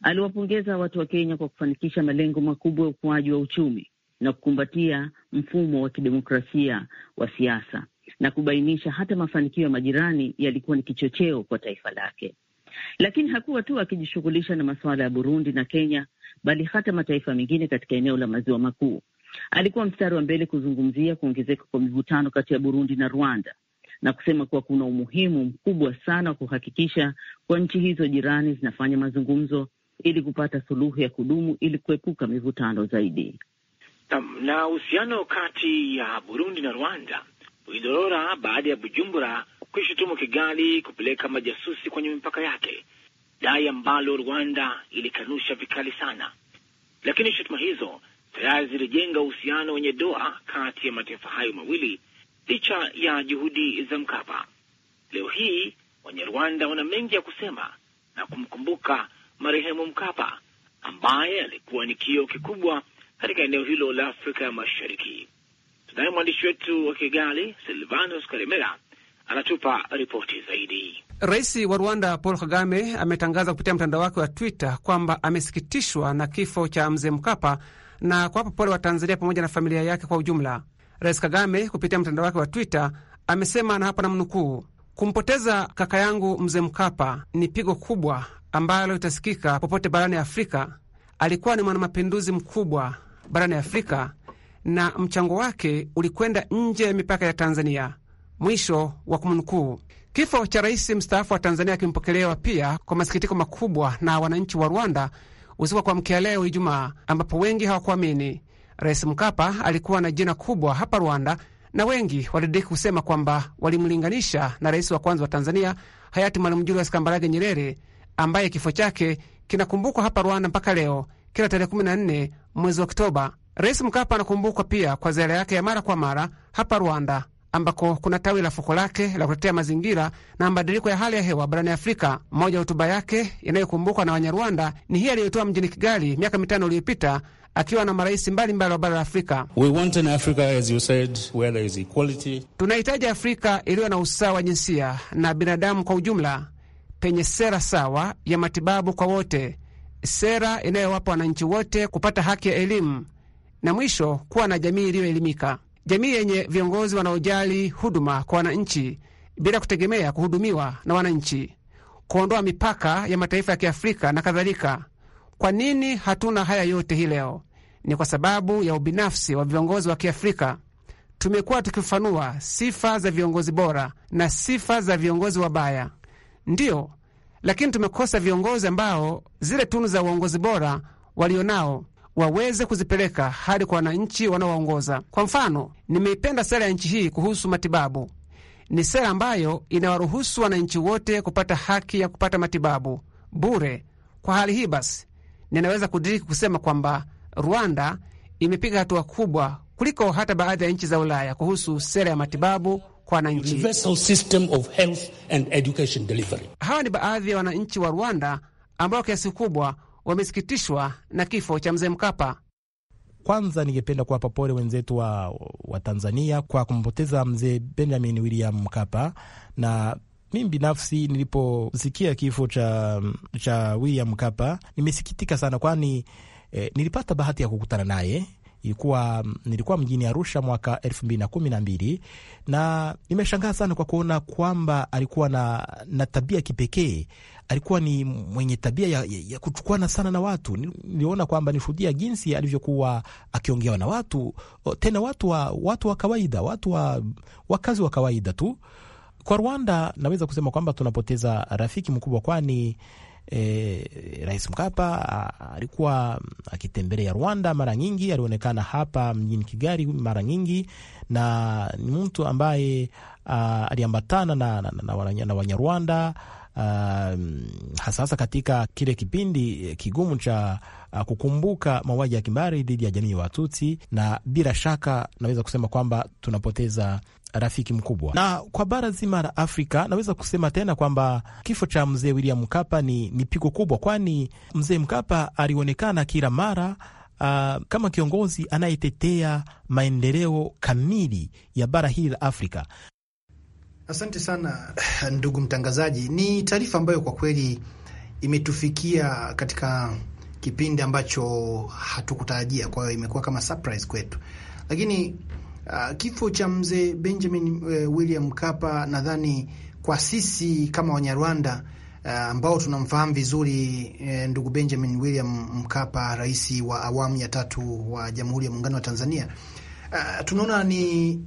Aliwapongeza watu wa Kenya kwa kufanikisha malengo makubwa ya ukuaji wa uchumi na kukumbatia mfumo wa kidemokrasia wa siasa na kubainisha hata mafanikio ya majirani yalikuwa ni kichocheo kwa taifa lake. Lakini hakuwa tu akijishughulisha na masuala ya Burundi na Kenya, bali hata mataifa mengine katika eneo la maziwa makuu. Alikuwa mstari wa mbele kuzungumzia kuongezeka kwa mivutano kati ya Burundi na Rwanda na kusema kuwa kuna umuhimu mkubwa sana wa kuhakikisha kwa nchi hizo jirani zinafanya mazungumzo ili kupata suluhu ya kudumu ili kuepuka mivutano zaidi. Na uhusiano kati ya Burundi na Rwanda ulidorora baada ya Bujumbura kuishutumu Kigali kupeleka majasusi kwenye mipaka yake, dai ambalo Rwanda ilikanusha vikali sana. Lakini shutuma hizo tayari zilijenga uhusiano wenye doa kati ya mataifa hayo mawili licha ya juhudi za Mkapa. Leo hii Wanyarwanda wana mengi ya kusema na kumkumbuka marehemu Mkapa ambaye alikuwa ni kioo kikubwa katika eneo hilo la Afrika Mashariki. Tunaye mwandishi wetu wa Kigali, Silvanus Karimera, anatupa ripoti zaidi. Rais wa Rwanda Paul Kagame ametangaza kupitia mtandao wake wa Twitter kwamba amesikitishwa na kifo cha mzee Mkapa na kuwapa pole wa Tanzania pamoja na familia yake kwa ujumla. Rais Kagame kupitia mtandao wake wa Twitter amesema, na hapa namnukuu, kumpoteza kaka yangu mzee Mkapa ni pigo kubwa ambalo itasikika popote barani Afrika. Alikuwa ni mwanamapinduzi mkubwa barani Afrika na mchango wake ulikwenda nje ya mipaka ya Tanzania. Mwisho wa kumnukuu. Kifo cha rais mstaafu wa Tanzania kimepokelewa pia kwa masikitiko makubwa na wananchi wa Rwanda usiku wa kuamkia leo Ijumaa, ambapo wengi hawakuamini. Rais Mkapa alikuwa na jina kubwa hapa Rwanda na wengi walidiriki kusema kwamba walimlinganisha na rais wa kwanza wa Tanzania hayati Mwalimu Julius Kambarage Nyerere ambaye kifo chake kinakumbukwa hapa Rwanda mpaka leo kila tarehe 14 mwezi Oktoba. Rais Mkapa anakumbukwa pia kwa ziara yake ya mara kwa mara hapa Rwanda, ambako kuna tawi la fuko lake la kutetea mazingira na mabadiliko ya hali ya hewa barani Afrika. Mmoja ya hotuba yake inayokumbukwa na Wanyarwanda ni hii aliyotoa mjini Kigali miaka mitano iliyopita akiwa na marais mbalimbali wa bara la Afrika. Tunahitaji Afrika iliyo na usawa wa jinsia na binadamu kwa ujumla, penye sera sawa ya matibabu kwa wote sera inayowapa wananchi wote kupata haki ya elimu, na mwisho kuwa na jamii iliyoelimika, jamii yenye viongozi wanaojali huduma kwa wananchi bila kutegemea kuhudumiwa na wananchi, kuondoa mipaka ya mataifa ya Kiafrika na kadhalika. Kwa nini hatuna haya yote hii leo? Ni kwa sababu ya ubinafsi wa viongozi wa Kiafrika. Tumekuwa tukifafanua sifa za viongozi bora na sifa za viongozi wabaya. Ndiyo lakini tumekosa viongozi ambao zile tunu za uongozi bora walionao waweze kuzipeleka hadi kwa wananchi wanaowaongoza. Kwa mfano, nimeipenda sera ya nchi hii kuhusu matibabu. Ni sera ambayo inawaruhusu wananchi wote kupata haki ya kupata matibabu bure. Kwa hali hii basi, ninaweza kudiriki kusema kwamba Rwanda imepiga hatua kubwa kuliko hata baadhi ya nchi za Ulaya kuhusu sera ya matibabu kwa wananchi. Hawa ni baadhi ya wananchi wa Rwanda ambao kiasi kubwa wamesikitishwa na kifo cha mzee Mkapa. Kwanza ningependa kuwapa pole wenzetu wa, wa Tanzania kwa kumpoteza mzee Benjamin William Mkapa na mimi binafsi niliposikia kifo cha, cha William Mkapa nimesikitika sana, kwani eh, nilipata bahati ya kukutana naye ilikuwa nilikuwa mjini Arusha mwaka elfu mbili na kumi na mbili na nimeshangaa sana kwa kuona kwamba alikuwa na, na tabia kipekee. Alikuwa ni mwenye tabia ya, ya ya kuchukuana sana na watu. Niliona kwamba nishuhudia jinsi alivyokuwa akiongewa na watu, tena watu wa, watu wa kawaida, watu wa wakazi wa kawaida tu. Kwa Rwanda naweza kusema kwamba tunapoteza rafiki mkubwa, kwani E, Rais Mkapa alikuwa akitembelea Rwanda mara nyingi, alionekana hapa mjini Kigali mara nyingi, na ni mtu ambaye aliambatana na, na, na, na, na Wanyarwanda Uh, hasahasa katika kile kipindi kigumu cha uh, kukumbuka mauaji ya kimbari dhidi ya jamii ya Watutsi, na bila shaka naweza kusema kwamba tunapoteza rafiki mkubwa. Na kwa bara zima la Afrika, naweza kusema tena kwamba kifo cha mzee William Mkapa ni, ni pigo kubwa, kwani mzee Mkapa alionekana kila mara Uh, kama kiongozi anayetetea maendeleo kamili ya bara hili la Afrika. Asante sana ndugu mtangazaji, ni taarifa ambayo kwa kweli imetufikia katika kipindi ambacho hatukutarajia, kwa hiyo imekuwa kama surprise kwetu, lakini Uh, kifo cha mzee Benjamin uh, William Mkapa nadhani kwa sisi kama Wanyarwanda ah, ambao tunamfahamu vizuri uh, ndugu Benjamin William Mkapa, rais wa awamu ya tatu wa Jamhuri ya Muungano wa Tanzania uh, tunaona ni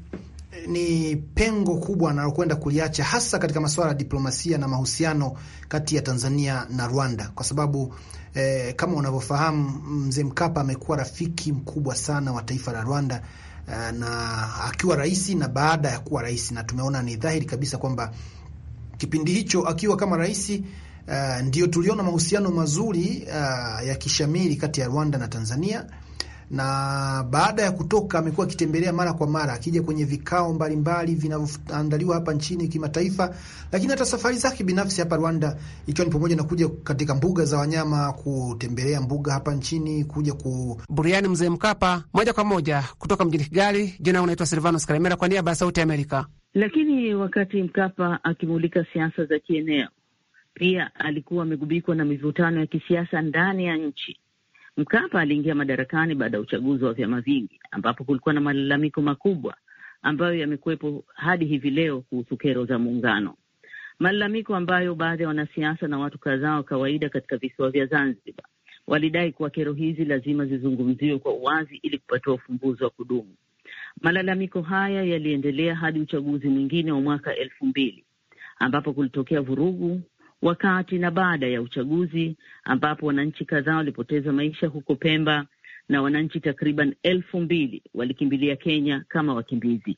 ni pengo kubwa analokwenda kuliacha hasa katika masuala ya diplomasia na mahusiano kati ya Tanzania na Rwanda, kwa sababu eh, kama unavyofahamu mzee Mkapa amekuwa rafiki mkubwa sana wa taifa la Rwanda Eh, na akiwa rais na baada ya kuwa rais, na tumeona ni dhahiri kabisa kwamba kipindi hicho akiwa kama rais uh, ndio tuliona mahusiano mazuri uh, ya kishamiri kati ya Rwanda na Tanzania na baada ya kutoka amekuwa akitembelea mara kwa mara, akija kwenye vikao mbalimbali vinavyoandaliwa hapa nchini kimataifa, lakini hata safari zake binafsi hapa Rwanda, ikiwa ni pamoja na kuja katika mbuga za wanyama, kutembelea mbuga hapa nchini, kuja ku buriani Mzee Mkapa. Moja kwa moja kutoka mjini Kigali, jina langu naitwa Silvanos Karemera kwa niaba ya Sauti Amerika. Lakini wakati Mkapa akimulika siasa za kieneo, pia alikuwa amegubikwa na mivutano ya kisiasa ndani ya nchi Mkapa aliingia madarakani baada ya uchaguzi wa vyama vingi, ambapo kulikuwa na malalamiko makubwa ambayo yamekuwepo hadi hivi leo kuhusu kero za muungano, malalamiko ambayo baadhi ya wanasiasa na watu kadhaa wa kawaida katika visiwa vya Zanzibar walidai kuwa kero hizi lazima zizungumziwe kwa uwazi ili kupatiwa ufumbuzi wa kudumu. Malalamiko haya yaliendelea hadi uchaguzi mwingine wa mwaka elfu mbili ambapo kulitokea vurugu wakati na baada ya uchaguzi ambapo wananchi kadhaa walipoteza maisha huko Pemba na wananchi takriban elfu mbili walikimbilia Kenya kama wakimbizi.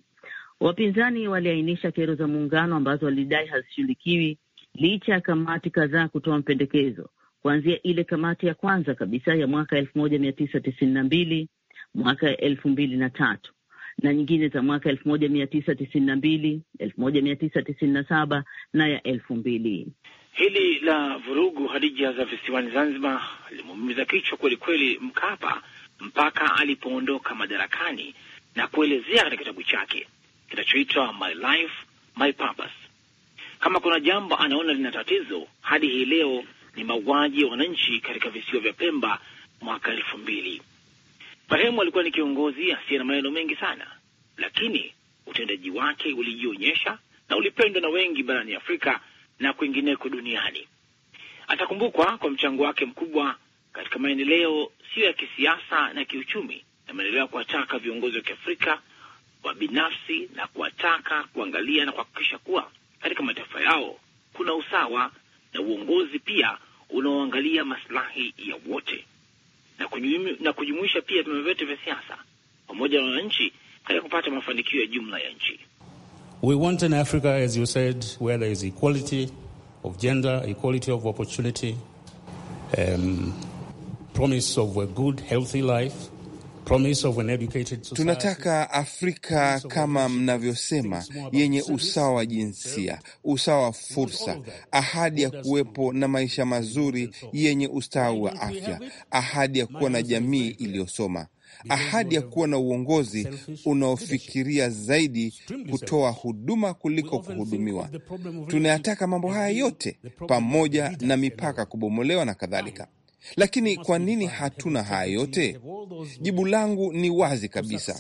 Wapinzani waliainisha kero za muungano ambazo walidai hazishughulikiwi licha ya kamati kadhaa kutoa mapendekezo, kuanzia ile kamati ya kwanza kabisa ya mwaka elfu moja mia tisa tisini na mbili mwaka elfu mbili na tatu na nyingine za mwaka elfu moja mia tisa tisini na mbili elfu moja mia tisa tisini na saba na ya elfu mbili Hili la vurugu Hadija za visiwani Zanzibar limemuumiza kichwa kweli kweli Mkapa mpaka alipoondoka madarakani na kuelezea katika kitabu chake kinachoitwa My Life, My Purpose kama kuna jambo anaona lina tatizo hadi hii leo ni mauaji ya wananchi katika visiwa vya Pemba mwaka elfu mbili. Marehemu alikuwa ni kiongozi asiye na maneno mengi sana, lakini utendaji wake ulijionyesha na ulipendwa na wengi barani Afrika na kwingineko duniani. Atakumbukwa kwa mchango wake mkubwa katika maendeleo siyo ya kisiasa na kiuchumi, na maendeleo ya kuwataka viongozi wa Kiafrika wa binafsi na kuwataka kuangalia na kuhakikisha kuwa katika mataifa yao kuna usawa na uongozi pia unaoangalia maslahi ya wote na kujumuisha pia vyama vyote vya siasa pamoja na wananchi katika kupata mafanikio ya jumla ya nchi. We want an Africa, as you said, where there is equality of gender, equality of opportunity, um, promise of a good, healthy life. Tunataka Afrika kama mnavyosema, yenye usawa wa jinsia, usawa wa fursa, ahadi ya kuwepo na maisha mazuri yenye ustawi wa afya, ahadi ya kuwa na jamii iliyosoma ahadi ya kuwa na uongozi unaofikiria zaidi kutoa huduma kuliko kuhudumiwa. Tunayataka mambo haya yote pamoja na mipaka kubomolewa na kadhalika. Lakini kwa nini hatuna haya yote? Jibu langu ni wazi kabisa,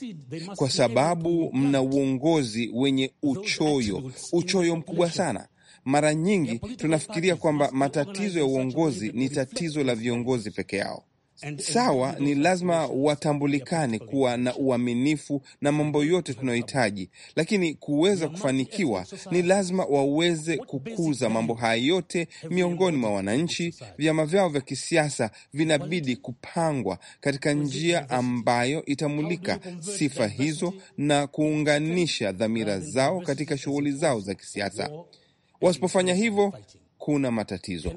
kwa sababu mna uongozi wenye uchoyo, uchoyo mkubwa sana. Mara nyingi tunafikiria kwamba matatizo ya uongozi ni tatizo la viongozi peke yao sawa, ni lazima watambulikane, kuwa na uaminifu na mambo yote tunayohitaji, lakini kuweza kufanikiwa ni lazima waweze kukuza mambo haya yote miongoni mwa wananchi. Vyama vyao vya kisiasa vinabidi kupangwa katika njia ambayo itamulika sifa hizo na kuunganisha dhamira zao katika shughuli zao za kisiasa. Wasipofanya hivyo hakuna matatizo.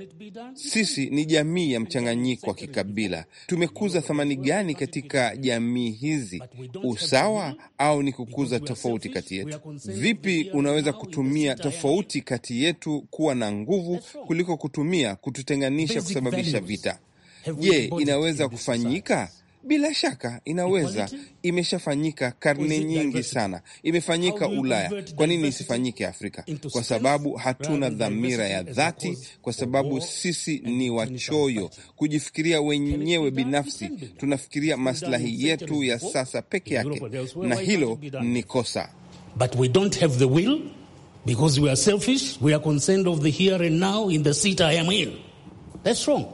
Sisi ni jamii ya mchanganyiko wa kikabila. Tumekuza thamani gani katika jamii hizi? Usawa au ni kukuza tofauti kati yetu? Vipi unaweza kutumia tofauti kati yetu kuwa na nguvu kuliko kutumia kututenganisha, kusababisha vita? Je, inaweza kufanyika? Bila shaka inaweza, imeshafanyika karne nyingi sana, imefanyika Ulaya. Kwa nini isifanyike Afrika? Kwa sababu hatuna dhamira ya dhati, kwa sababu sisi ni wachoyo kujifikiria wenyewe binafsi. Tunafikiria maslahi yetu ya sasa peke yake, na hilo ni kosa. That's wrong.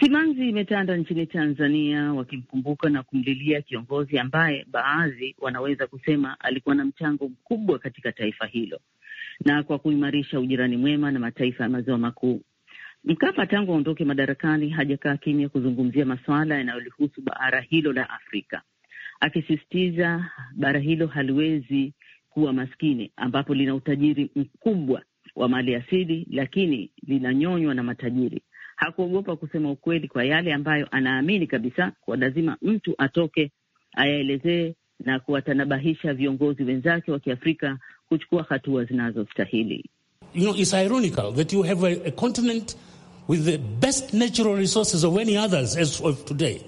Simanzi imetanda nchini Tanzania wakimkumbuka na kumlilia kiongozi ambaye baadhi wanaweza kusema alikuwa na mchango mkubwa katika taifa hilo na kwa kuimarisha ujirani mwema na mataifa ya maziwa makuu. Mkapa tangu aondoke madarakani hajakaa kimya kuzungumzia masuala yanayolihusu bara hilo la Afrika, akisisitiza bara hilo haliwezi kuwa maskini, ambapo lina utajiri mkubwa wa mali asili, lakini linanyonywa na matajiri hakuogopa kusema ukweli kwa yale ambayo anaamini kabisa kuwa lazima mtu atoke ayaelezee na kuwatanabahisha viongozi wenzake wa Kiafrika kuchukua hatua zinazostahili. You know, it's ironical that you have a, a continent with the best natural resources of any others as of today.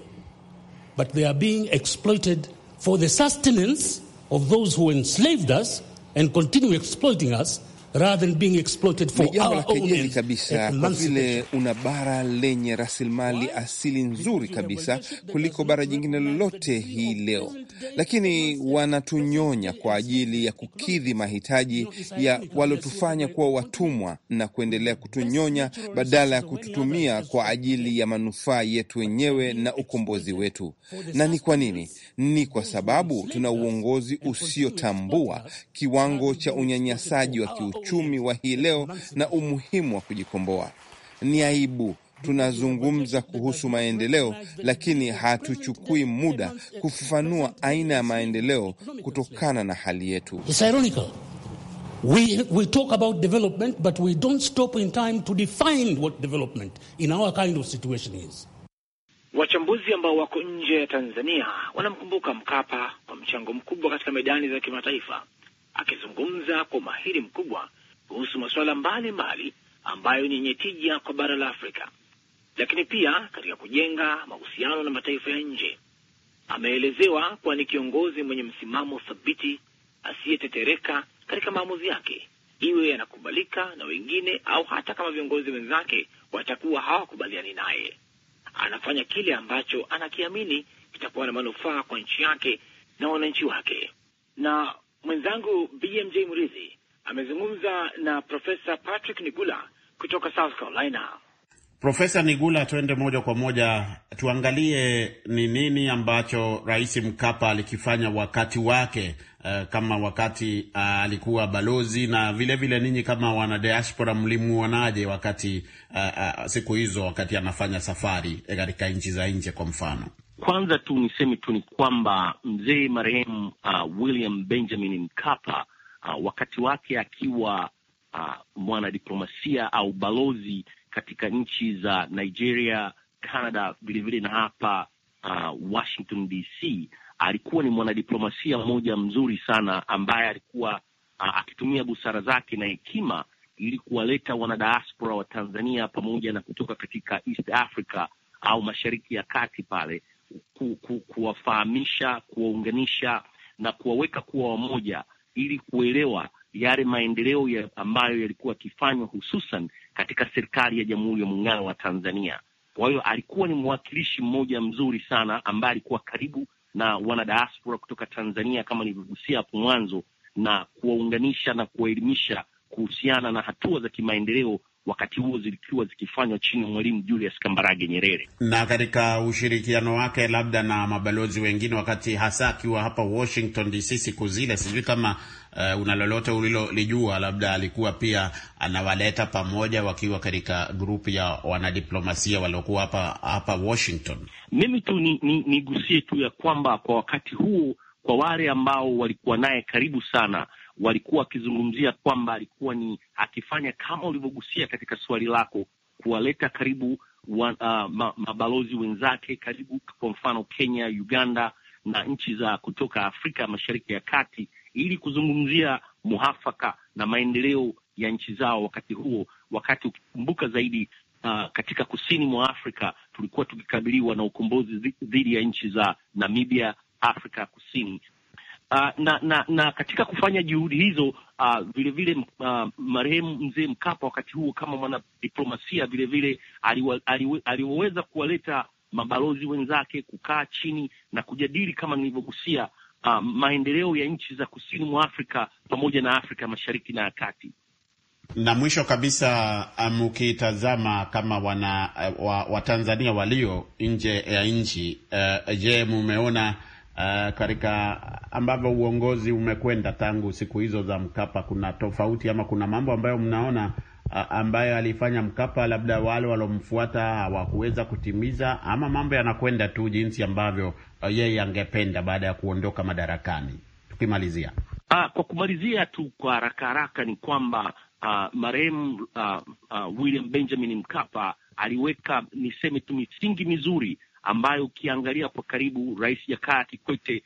But they are being exploited for the sustenance of those who enslaved us and continue exploiting us ni jambo la kejeli kabisa, kwa vile una bara lenye rasilimali asili nzuri kabisa kuliko bara jingine lolote hii leo, lakini wanatunyonya kwa ajili ya kukidhi mahitaji ya walotufanya kuwa watumwa na kuendelea kutunyonya badala ya kututumia kwa ajili ya manufaa yetu wenyewe na ukombozi wetu. Na ni kwa nini? Ni kwa sababu tuna uongozi usiotambua kiwango cha unyanyasaji wa kiutu uchumi wa hii leo na umuhimu wa kujikomboa. Ni aibu tunazungumza kuhusu maendeleo lakini hatuchukui muda kufafanua aina ya maendeleo kutokana na hali yetu. We, we talk about development but we don't stop in time to define what development in our kind of situation is. Wachambuzi ambao wako nje ya Tanzania wanamkumbuka Mkapa kwa mchango mkubwa katika medani za kimataifa akizungumza kwa umahiri mkubwa kuhusu masuala mbalimbali ambayo ni yenye tija kwa bara la Afrika, lakini pia katika kujenga mahusiano na mataifa ya nje. Ameelezewa kuwa ni kiongozi mwenye msimamo thabiti, asiyetetereka katika maamuzi yake, iwe yanakubalika na wengine au hata kama viongozi wenzake watakuwa hawakubaliani naye. Anafanya kile ambacho anakiamini kitakuwa na manufaa kwa nchi yake na wananchi wake, na Mwenzangu BMJ Murithi amezungumza na Profesa Patrick Nigula kutoka South Carolina. Profesa Nigula, tuende moja kwa moja tuangalie ni nini ambacho Rais Mkapa alikifanya wakati wake, uh, kama wakati uh, alikuwa balozi, na vilevile ninyi kama wanadiaspora mlimuonaje wakati uh, uh, siku hizo wakati anafanya safari katika nchi za nje, kwa mfano? Kwanza tu niseme tu ni kwamba mzee marehemu uh, William Benjamin Mkapa uh, wakati wake akiwa uh, mwanadiplomasia au balozi katika nchi za Nigeria, Canada, vilevile na hapa uh, Washington DC, alikuwa ni mwanadiplomasia mmoja mzuri sana ambaye alikuwa uh, akitumia busara zake na hekima ili kuwaleta wanadiaspora wa Tanzania pamoja na kutoka katika East Africa au Mashariki ya Kati pale ku, ku, kuwafahamisha, kuwaunganisha na kuwaweka kuwa wamoja ili kuelewa yale maendeleo ya ambayo yalikuwa yakifanywa hususan katika serikali ya Jamhuri ya Muungano wa Tanzania. Kwa hiyo alikuwa ni mwakilishi mmoja mzuri sana ambaye alikuwa karibu na wanadiaspora kutoka Tanzania kama nilivyogusia hapo mwanzo, na kuwaunganisha na kuwaelimisha kuhusiana na hatua za kimaendeleo wakati huo zilikuwa zikifanywa chini ya Mwalimu Julius Kambarage Nyerere. Na katika ushirikiano wake labda na mabalozi wengine, wakati hasa akiwa hapa Washington DC siku zile, sijui kama uh, una lolote ulilolijua, labda alikuwa pia anawaleta pamoja wakiwa katika grupu ya wanadiplomasia waliokuwa hapa hapa Washington. Mimi tu nigusie ni, ni tu ya kwamba kwa wakati huo, kwa wale ambao walikuwa naye karibu sana walikuwa wakizungumzia kwamba alikuwa ni akifanya kama ulivyogusia katika swali lako, kuwaleta karibu wa, uh, mabalozi wenzake karibu, kwa mfano Kenya, Uganda na nchi za kutoka Afrika Mashariki ya Kati ili kuzungumzia muhafaka na maendeleo ya nchi zao wakati huo, wakati ukikumbuka zaidi Uh, katika kusini mwa Afrika tulikuwa tukikabiliwa na ukombozi dhidi ya nchi za Namibia, Afrika Kusini Uh, na, na na katika kufanya juhudi hizo uh, ah, vilevile uh, ah, marehemu mzee Mkapa wakati huo kama mwanadiplomasia vilevile vile aliwe, aliwe, kuwaleta mabalozi wenzake kukaa chini na kujadili kama nilivyogusia uh, maendeleo ya nchi za kusini mwa Afrika pamoja na Afrika Mashariki na ya Kati. Na mwisho kabisa, mkitazama kama wana Watanzania eh, wa walio nje ya nchi uh, je, mumeona uh, katika ambavyo uongozi umekwenda tangu siku hizo za Mkapa, kuna tofauti ama kuna mambo ambayo mnaona uh, ambayo alifanya Mkapa, labda wale walomfuata hawakuweza kutimiza, ama mambo yanakwenda tu jinsi ambavyo uh, yeye angependa baada ya kuondoka madarakani? Tukimalizia ah, kwa kumalizia tu kwa haraka haraka ni kwamba Uh, marehemu uh, uh, William Benjamin Mkapa aliweka niseme tu misingi mizuri ambayo ukiangalia kwa karibu Rais Jakaya Kikwete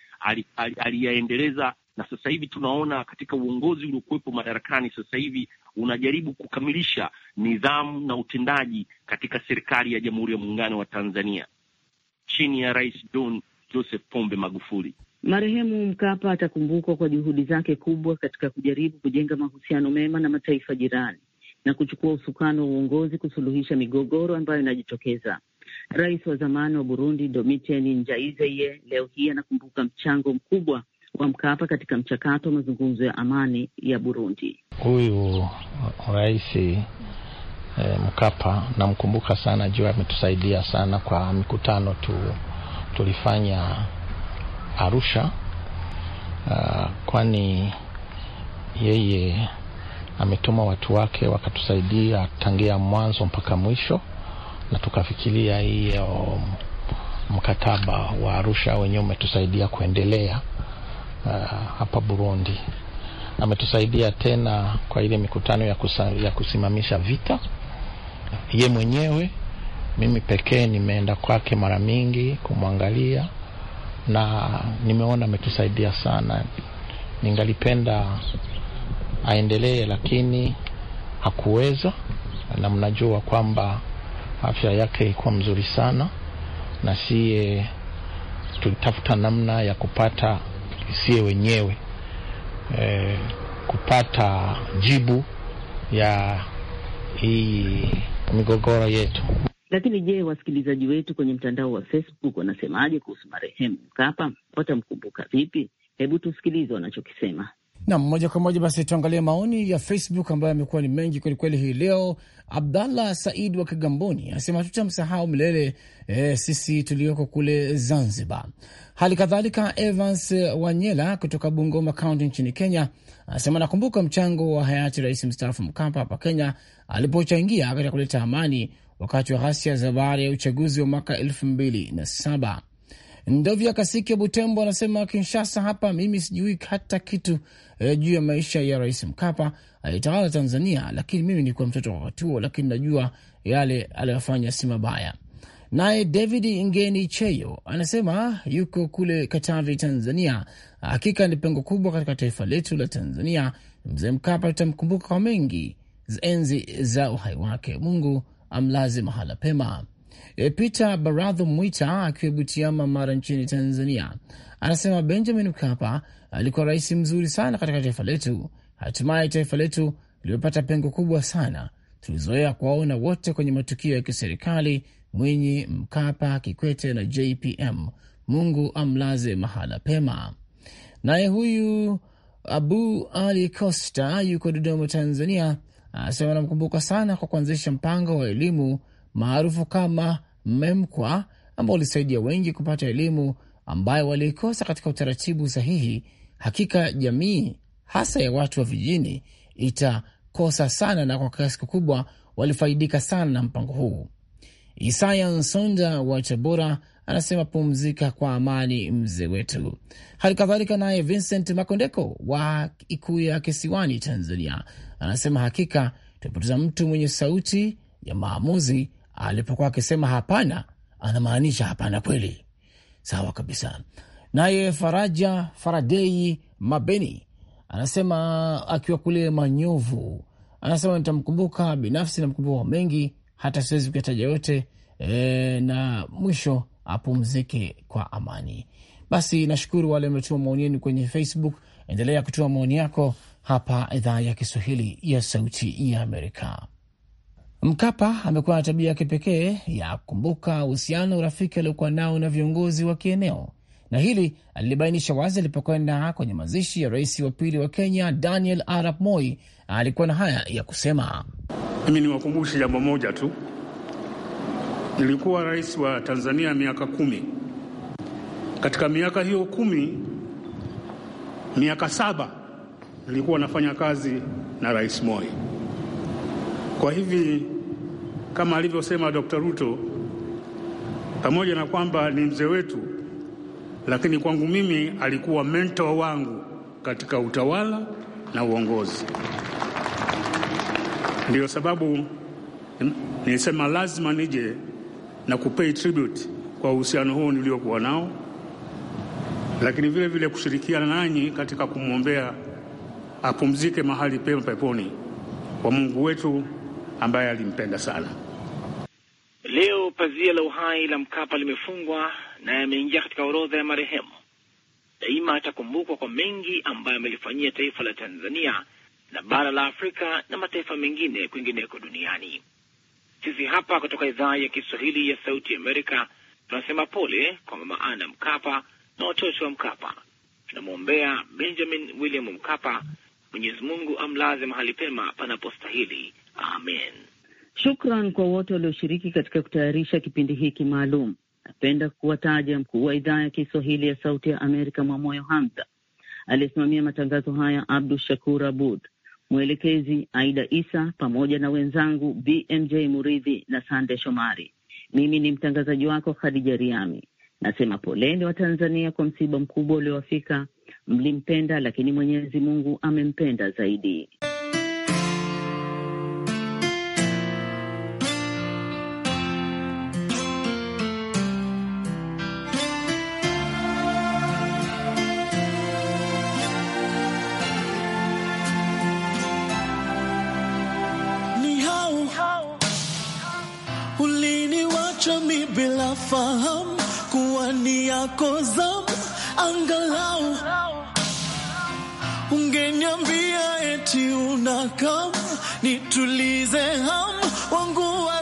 aliyaendeleza ali, ali na sasa hivi tunaona katika uongozi uliokuwepo madarakani sasa hivi unajaribu kukamilisha nidhamu na utendaji katika serikali ya Jamhuri ya Muungano wa Tanzania chini ya Rais John Joseph Pombe Magufuli. Marehemu Mkapa atakumbukwa kwa juhudi zake kubwa katika kujaribu kujenga mahusiano mema na mataifa jirani na kuchukua usukano wa uongozi kusuluhisha migogoro ambayo inajitokeza. Rais wa zamani wa Burundi Domitien Njaizeye leo hii anakumbuka mchango mkubwa wa Mkapa katika mchakato wa mazungumzo ya amani ya Burundi. Huyu rais e, Mkapa namkumbuka sana juu ametusaidia sana kwa mikutano tu, tulifanya Arusha uh, kwani yeye ametuma watu wake wakatusaidia tangia mwanzo mpaka mwisho na tukafikiria hiyo mkataba wa Arusha wenyewe umetusaidia kuendelea uh, hapa Burundi. Ametusaidia tena kwa ile mikutano ya, kusa, ya kusimamisha vita. Ye mwenyewe mimi pekee nimeenda kwake mara mingi kumwangalia na nimeona ametusaidia sana. Ningalipenda aendelee, lakini hakuweza, na mnajua kwamba afya yake ikuwa mzuri sana, na siye tulitafuta namna ya kupata siye wenyewe e, kupata jibu ya hii migogoro yetu. Lakini je, wasikilizaji wetu kwenye mtandao wa Facebook wanasemaje kuhusu marehemu Mkapa? Watamkumbuka vipi? Hebu tusikilize wanachokisema. Nam moja kwa moja basi tuangalie maoni ya Facebook ambayo yamekuwa ni mengi kwelikweli hii leo. Abdallah Said wa Kigamboni anasema tutamsahau milele, e, sisi tulioko kule Zanzibar. Hali kadhalika Evans Wanyela kutoka Bungoma Kaunti nchini Kenya anasema nakumbuka mchango wa hayati rais mstaafu Mkapa hapa Kenya alipochangia katika kuleta amani wakati wa ghasia za baada ya uchaguzi wa mwaka elfu mbili na saba. Ndovya Kasiki ya Butembo anasema Kinshasa hapa mimi sijui hata kitu eh, juu ya maisha ya Rais Mkapa alitawala Tanzania, lakini mimi nilikuwa mtoto wakati huo, lakini najua yale aliyofanya si mabaya. Naye David Ngeni Cheyo anasema yuko kule Katavi, Tanzania. Hakika ni pengo kubwa katika taifa letu la Tanzania. Mzee Mkapa tutamkumbuka kwa mengi enzi za uhai wake. Mungu amlaze mahala pema. Eh, Peter baradho Mwita akiwa Butiama, Mara nchini Tanzania, anasema Benjamin Mkapa alikuwa rais mzuri sana katika taifa letu. Hatimaye taifa letu limepata pengo kubwa sana. Tulizoea kuwaona wote kwenye matukio ya kiserikali, Mwinyi, Mkapa, Kikwete na JPM. Mungu amlaze mahala pema. Naye huyu Abu Ali Costa yuko Dodoma, Tanzania, anasema anamkumbuka sana kwa kuanzisha mpango wa elimu maarufu kama MEMKWA, ambao ulisaidia wengi kupata elimu ambayo waliikosa katika utaratibu sahihi. Hakika jamii hasa ya watu wa vijijini itakosa sana, na kwa kiasi kikubwa walifaidika sana na mpango huu. Isaya Nsonda wa Tabora anasema pumzika kwa amani mzee wetu. Hali kadhalika naye Vincent Makondeko wa ikuu ya Kisiwani, Tanzania, anasema hakika tumepoteza mtu mwenye sauti ya maamuzi alipokuwa akisema hapana, anamaanisha hapana kweli. Sawa kabisa. Naye Faraja Faradei Mabeni anasema akiwa kule Manyovu, anasema nitamkumbuka binafsi, namkumbuka mengi, hata siwezi kuyataja yote e, na mwisho apumzike kwa amani. Basi nashukuru wale wametuma maoni yenu kwenye Facebook. Endelea kutuma maoni yako hapa idhaa ya Kiswahili ya Sauti ya Amerika. Mkapa amekuwa na tabia ya kipekee ya kukumbuka uhusiano urafiki aliokuwa nao na viongozi wa kieneo, na hili alilibainisha wazi alipokwenda kwenye mazishi ya rais wa pili wa Kenya Daniel Arap Moi. Alikuwa na haya ya kusema: mimi niwakumbushe jambo moja tu, nilikuwa rais wa Tanzania miaka kumi. Katika miaka hiyo kumi, miaka saba nilikuwa nafanya kazi na rais Moi. Kwa hivi kama alivyosema Dr. Ruto, pamoja na kwamba ni mzee wetu, lakini kwangu mimi alikuwa mentor wangu katika utawala na uongozi. Ndiyo sababu nisema lazima nije na kupay tribute kwa uhusiano huo niliokuwa nao, lakini vile vile kushirikiana nanyi katika kumwombea apumzike mahali pema peponi kwa Mungu wetu ambaye alimpenda sana pazia la uhai la Mkapa limefungwa na yameingia katika orodha ya marehemu. Daima atakumbukwa kwa mengi ambayo amelifanyia taifa la Tanzania na bara la Afrika na mataifa mengine kwingineko duniani. Sisi hapa kutoka idhaa ya Kiswahili ya Sauti Amerika tunasema pole kwa Mama Ana Mkapa na watoto wa Mkapa. Tunamwombea Benjamin William Mkapa, Mwenyezi Mungu amlaze mahali pema panapostahili. Amen. Shukran kwa wote walioshiriki katika kutayarisha kipindi hiki maalum. Napenda kuwataja mkuu wa idhaa ya Kiswahili ya Sauti ya Amerika, Mwamoyo Hamza aliyesimamia matangazo haya, Abdu Shakur Abud mwelekezi, Aida Isa pamoja na wenzangu BMJ Muridhi na Sande Shomari. Mimi ni mtangazaji wako Khadija Riami, nasema poleni Watanzania kwa msiba mkubwa uliowafika. Mlimpenda, lakini Mwenyezi Mungu amempenda zaidi. zako zamu, angalau ungeniambia eti unakam nitulize ham wangu wa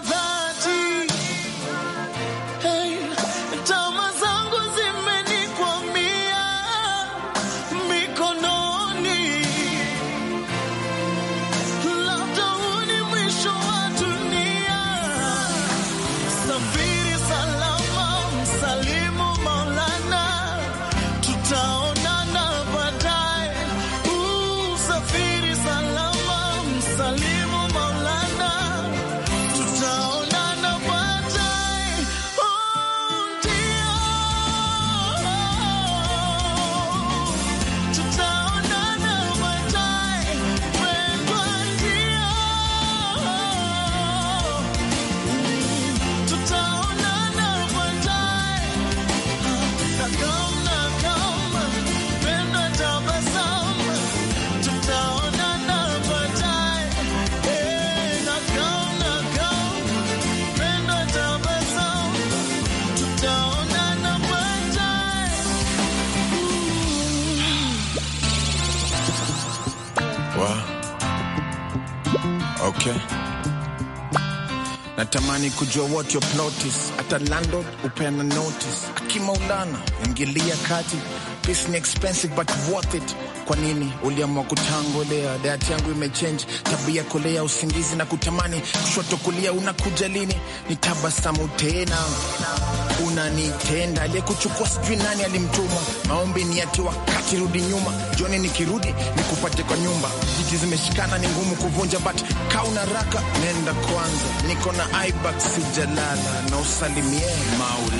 kujua what your plot is. Ata landlord upeana notice. Akimaulana ingilia kati. Peace ni expensive but worth it. Kwa nini uliamua kutangolea? Dayati yangu imechange tabia, kulea usingizi na kutamani kushoto kulia. Unakuja lini? Ni tabasamu tena unanitenda aliyekuchukua sijui nani alimtuma. Maombi ni ati wakati rudi nyuma, jioni nikirudi nikupate kwa nyumba. Jiji zimeshikana ni ngumu kuvunja, but kauna raka nenda kwanza, niko na ibax sijalala na usalimie maula